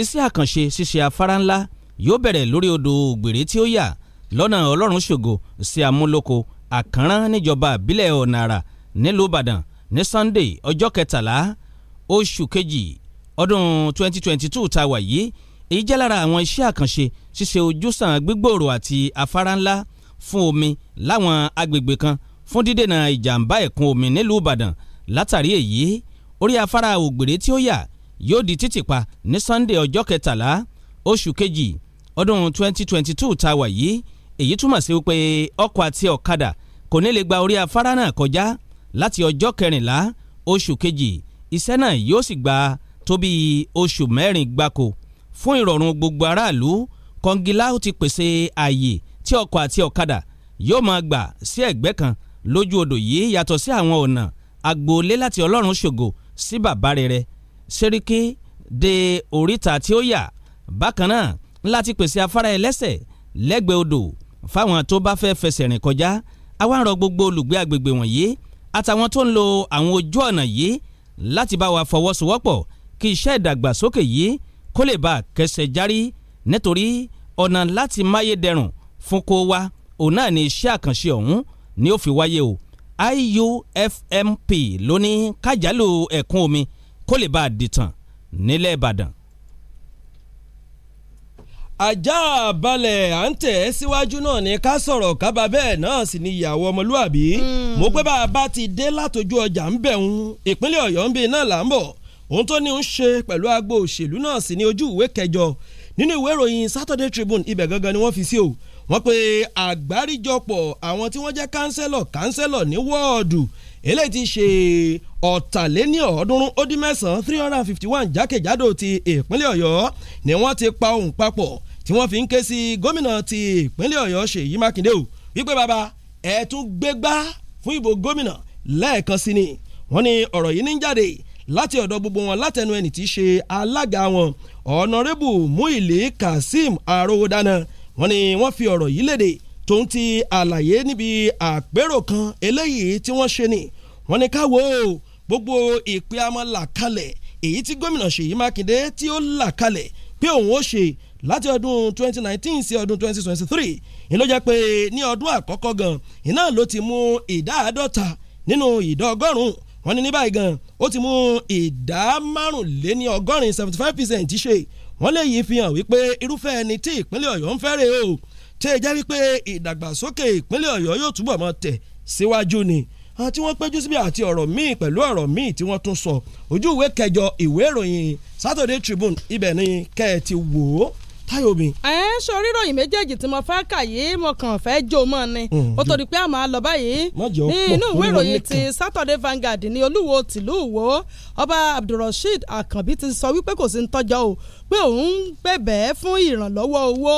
iṣẹ́ àkànṣe ṣíṣe afárá ńlá yóò bẹ̀rẹ̀ lórí odò ògbèrè tí ó yà lọ́nà ọlọ́run ṣògo sí amúlòkọ àkànrán níjọba ìbílẹ̀ ọ̀nàrà nílùú ìbàdàn ní sunday ọjọ́ kẹtàlá oṣù kejì ọdún 2022 tá a wà yìí èyí jẹ́ lára àwọn iṣẹ́ àkànṣe ṣíṣe ojúsàn gbígbòòrò àti afárá ńlá fún omi láwọn agbègbè kan fún dídènà ìjàmbá ẹ̀kún omi nílùú Ìbàdàn látàrí èyí orí afárá ògbèrè tí ó yà yóò di títì pa ní Sunday ọjọ́ kẹtàlá oṣù kejì ọdún 2022 tá a wà yìí èyí túmọ̀ sí pé ọkọ̀ àti ọ̀kadà kò ní lè gba orí afárá náà kọjá láti ọjọ́ kẹrìnlá oṣù kejì iṣẹ́ náà yóò sì gba tó bíi oṣù mẹ́rin gbáko fún ìrọ̀rùn gbogbo aráàlú kọngilá ti pèsè ààyè tí ọkọ̀ àti ọ̀kadà yóò máa gbà sí ẹ̀gbẹ́ kan lójú odò yìí yàtọ̀ sí àwọn ọ̀nà agboolé láti ọlọ́run ṣògo sí bàbá rere sẹ́ríkì de oríta tí ó yà bákan náà láti pèsè afárá ẹlẹ́sẹ̀ lẹ́gbẹ̀ẹ́ odò fáwọn tó bá fẹ́ fẹsẹ̀ rìn kọjá àwa ń rọ gbogbo olùgbé agbègbè wọ̀nyí àtàwọn tó ń lo àwọn ojú ọ̀nà yìí láti bá wa fọwọ́sowọ́pọ̀ kí iṣẹ́ ìdàgbàsókè yìí kó lè bá kẹsẹ̀ járí nítorí ọ̀nà láti máyédẹrùn fún kó wa òun náà ni iṣẹ́ àkànṣe ọ̀hún ni ó fi wáyé o IUFMP ló ní kájàlú ẹ̀kún omi kó lè bá a dìtàn nílẹ̀ Ìbàdàn ajá balẹ̀ à ń tẹ̀ ẹ́ síwájú náà ni ká sọ̀rọ̀ kábà bẹ́ẹ̀ náà sì ni ìyàwó ọmọlúàbí hmm. mo pé bá a bá ti dé látọjú ọjà ń bẹ̀ ń ìpínlẹ̀ Ọ̀yọ́ ń bí náà là ń bọ̀ ohun tó ní ń ṣe pẹ̀lú agbo òṣèlú náà sì ní ojú ìwé kẹjọ nínú ìwé ìròyìn Saturday Tribune ibẹ̀ gangan ni wọ́n fi sí o wọ́n pe àgbáríjọpọ̀ àwọn tí wọ́n jẹ́ kánsẹ́lọ̀ kánsẹ́lọ̀ ní wọ́ọ̀dù eléyìí ti ṣe ọ̀tàléní ọ̀ọ́dúnrún ó dín mẹ́sàn-án three hundred and fifty one jákèjádò ti ìpínlẹ̀ ọ̀yọ́ ni wọ́n ti pa ohùn papọ̀ tí wọ́n fi ń ké sí gómìnà ti ìpínlẹ̀ ọ̀yọ́ ṣèyí mákindé o wípé bàbá ẹ̀ tún gbégbá fún ìbò gómìnà lẹ́ẹ̀kan sí ni wọ́n ní ọ̀rọ̀ yìí ní jáde láti ọ̀dọ̀ gbogbo wọn látẹnu ẹni tí í ṣe alága wọn ọ̀nàrẹ́bù Muili Kazeem Arógodana wọ́n ní wọ́n fi ọ̀rọ̀ yìí léde tòun ti àlàyé níbi àpérò kan eléyìí tí wọ́n ṣe ni wọ́n ní káwọ́ gbogbo ìpè amọ̀ là kalẹ̀ èyí tí gómìnà Ṣèyí Mákindé tí ó là kalẹ̀ pé òun ó ṣe láti ọdún 2019 sí ọdún 2023 ni ló jẹ́ pé ní ọdún àkọ́kọ́ gan iná ló ti mú ìdá àádọ́ta nínú ìdá ọgọ́rùn-ún wọ́n ní ní báyìí gan ó ti mú ìdá márùnléní ọgọ́rin seventy five percent ṣe wọ́n lè yí fi hàn wípé irúfẹ́ ẹni tí ìpínlẹ̀ ọ̀yọ́ ń fẹ́rẹ̀ o ṣe é jẹ́ wípé ìdàgbàsókè ìpínlẹ̀ ọ̀yọ́ yóò túbọ̀ mọ́ tẹ̀ síwájú ni àti wọ́n péjú síbi àti ọ̀rọ̀ míì pẹ̀lú ọ̀rọ̀ míì tí wọ́n tún sọ ojú ìwé kẹjọ ìwé ìròyìn Saturday Tribune ibẹ̀ ni kẹ́ ẹ ti wò ó táyọ̀ obìnrin. ẹ ẹ sori ròyìn méjèèjì tí mo fẹ́ kà yìí mo kàn fẹ́ jó mọ́ ni ó torí pé a máa lọ báyìí ní inú ìwé ìròyìn ti Saturday Vanguard ní olúwo tìlú Ìwó ọba Abdulrasheed Àkànbí ti sọ wípé kò sí ń tọ́jọ́ o pé òun ń bẹ̀bẹ̀ fún ìrànlọ́wọ́ owó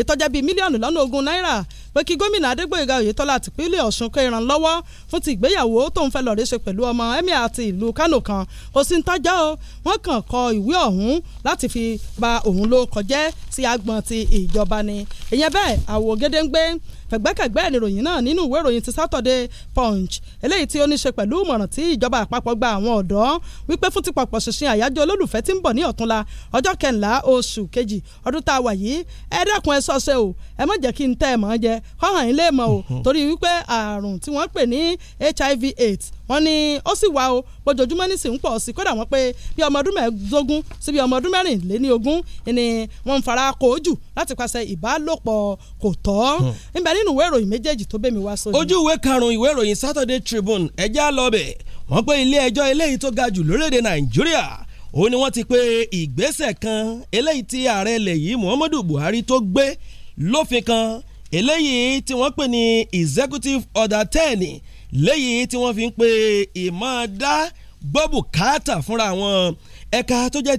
ìtọ́jà bíi mílíọ̀nù lọ́nà ogún náírà pé kí gómìnà adégbòyega oyètọ́lá tìpínlẹ̀ ọ̀ṣun kó ìrànlọ́wọ́ fún ti ìgbéyàwó tóun fẹ́ lọ́ọ́ rí ṣe pẹ̀lú ọmọ emir àti ìlú kánò kan ó sì ń tájá o wọ́n kàn kọ ìwé ọ̀hún láti fi ba òun ló kọjẹ́ sí agbọ̀n ti ìjọba ni ìyẹn bẹ́ẹ̀ àwògedengbe fẹ̀gbẹ́kẹ̀gbẹ́ ìròyìn náà nínú ìwé ìròyìn ti Saturday Punch eléyìí tí ó ní ṣe pẹ̀lú ìmọ̀ràn tí ìjọba àpapọ̀ gba àwọn ọ̀dọ́ wípé fún tipọ̀pọ̀ ṣinṣin àyájọ́ olólùfẹ́ tí ń bọ̀ ní ọ̀túnla ọjọ́ kẹńlá oṣù kejì ọdún tá a wà yìí ẹ ẹ sọ́ọ̀ṣẹ́ o ẹ má jẹ́ kí n tẹ́ ẹ mọ́ jẹ kọ́hàn ilé mọ́ o torí wípé àrùn tí wọ́n pè ní HIV AIDS wọ́n ní ó sì wá o bójoojúmọ́ ní sì ń pọ̀ sí kódà wọ́n pé bí ọmọ ọdún mẹ́ẹ̀ẹ́dógún sí bí ọmọ ọdún mẹ́rìnléní ogún ni wọ́n ń fara kó jù láti pàṣẹ ìbálòpọ̀ kò tọ́ níbẹ̀ nínú ìwé ìròyìn méjèèjì tó bẹ́ẹ̀ mi wá sóyún. ojú ìwé karùn-ún ìwé ìròyìn Saturday Tribune ẹjẹ́ àlọ́bẹ̀ wọ́n pé ilé ẹjọ́ eléyìí tó ga jù lórílẹ̀‐èdè Nàìjíríà ó ní wọ́n ti pé ìgbésẹ̀ kan eléyìí tí ààrẹ ilẹ̀ yìí Muhammadu Buhari tó gbé lófin kan eléyìí tí wọ́n pè ní executive order ten léyìí tí wọ́n fi ń pe ìmọ̀ dá gbọ́ fúnra wọn ẹ̀ka tó jẹ́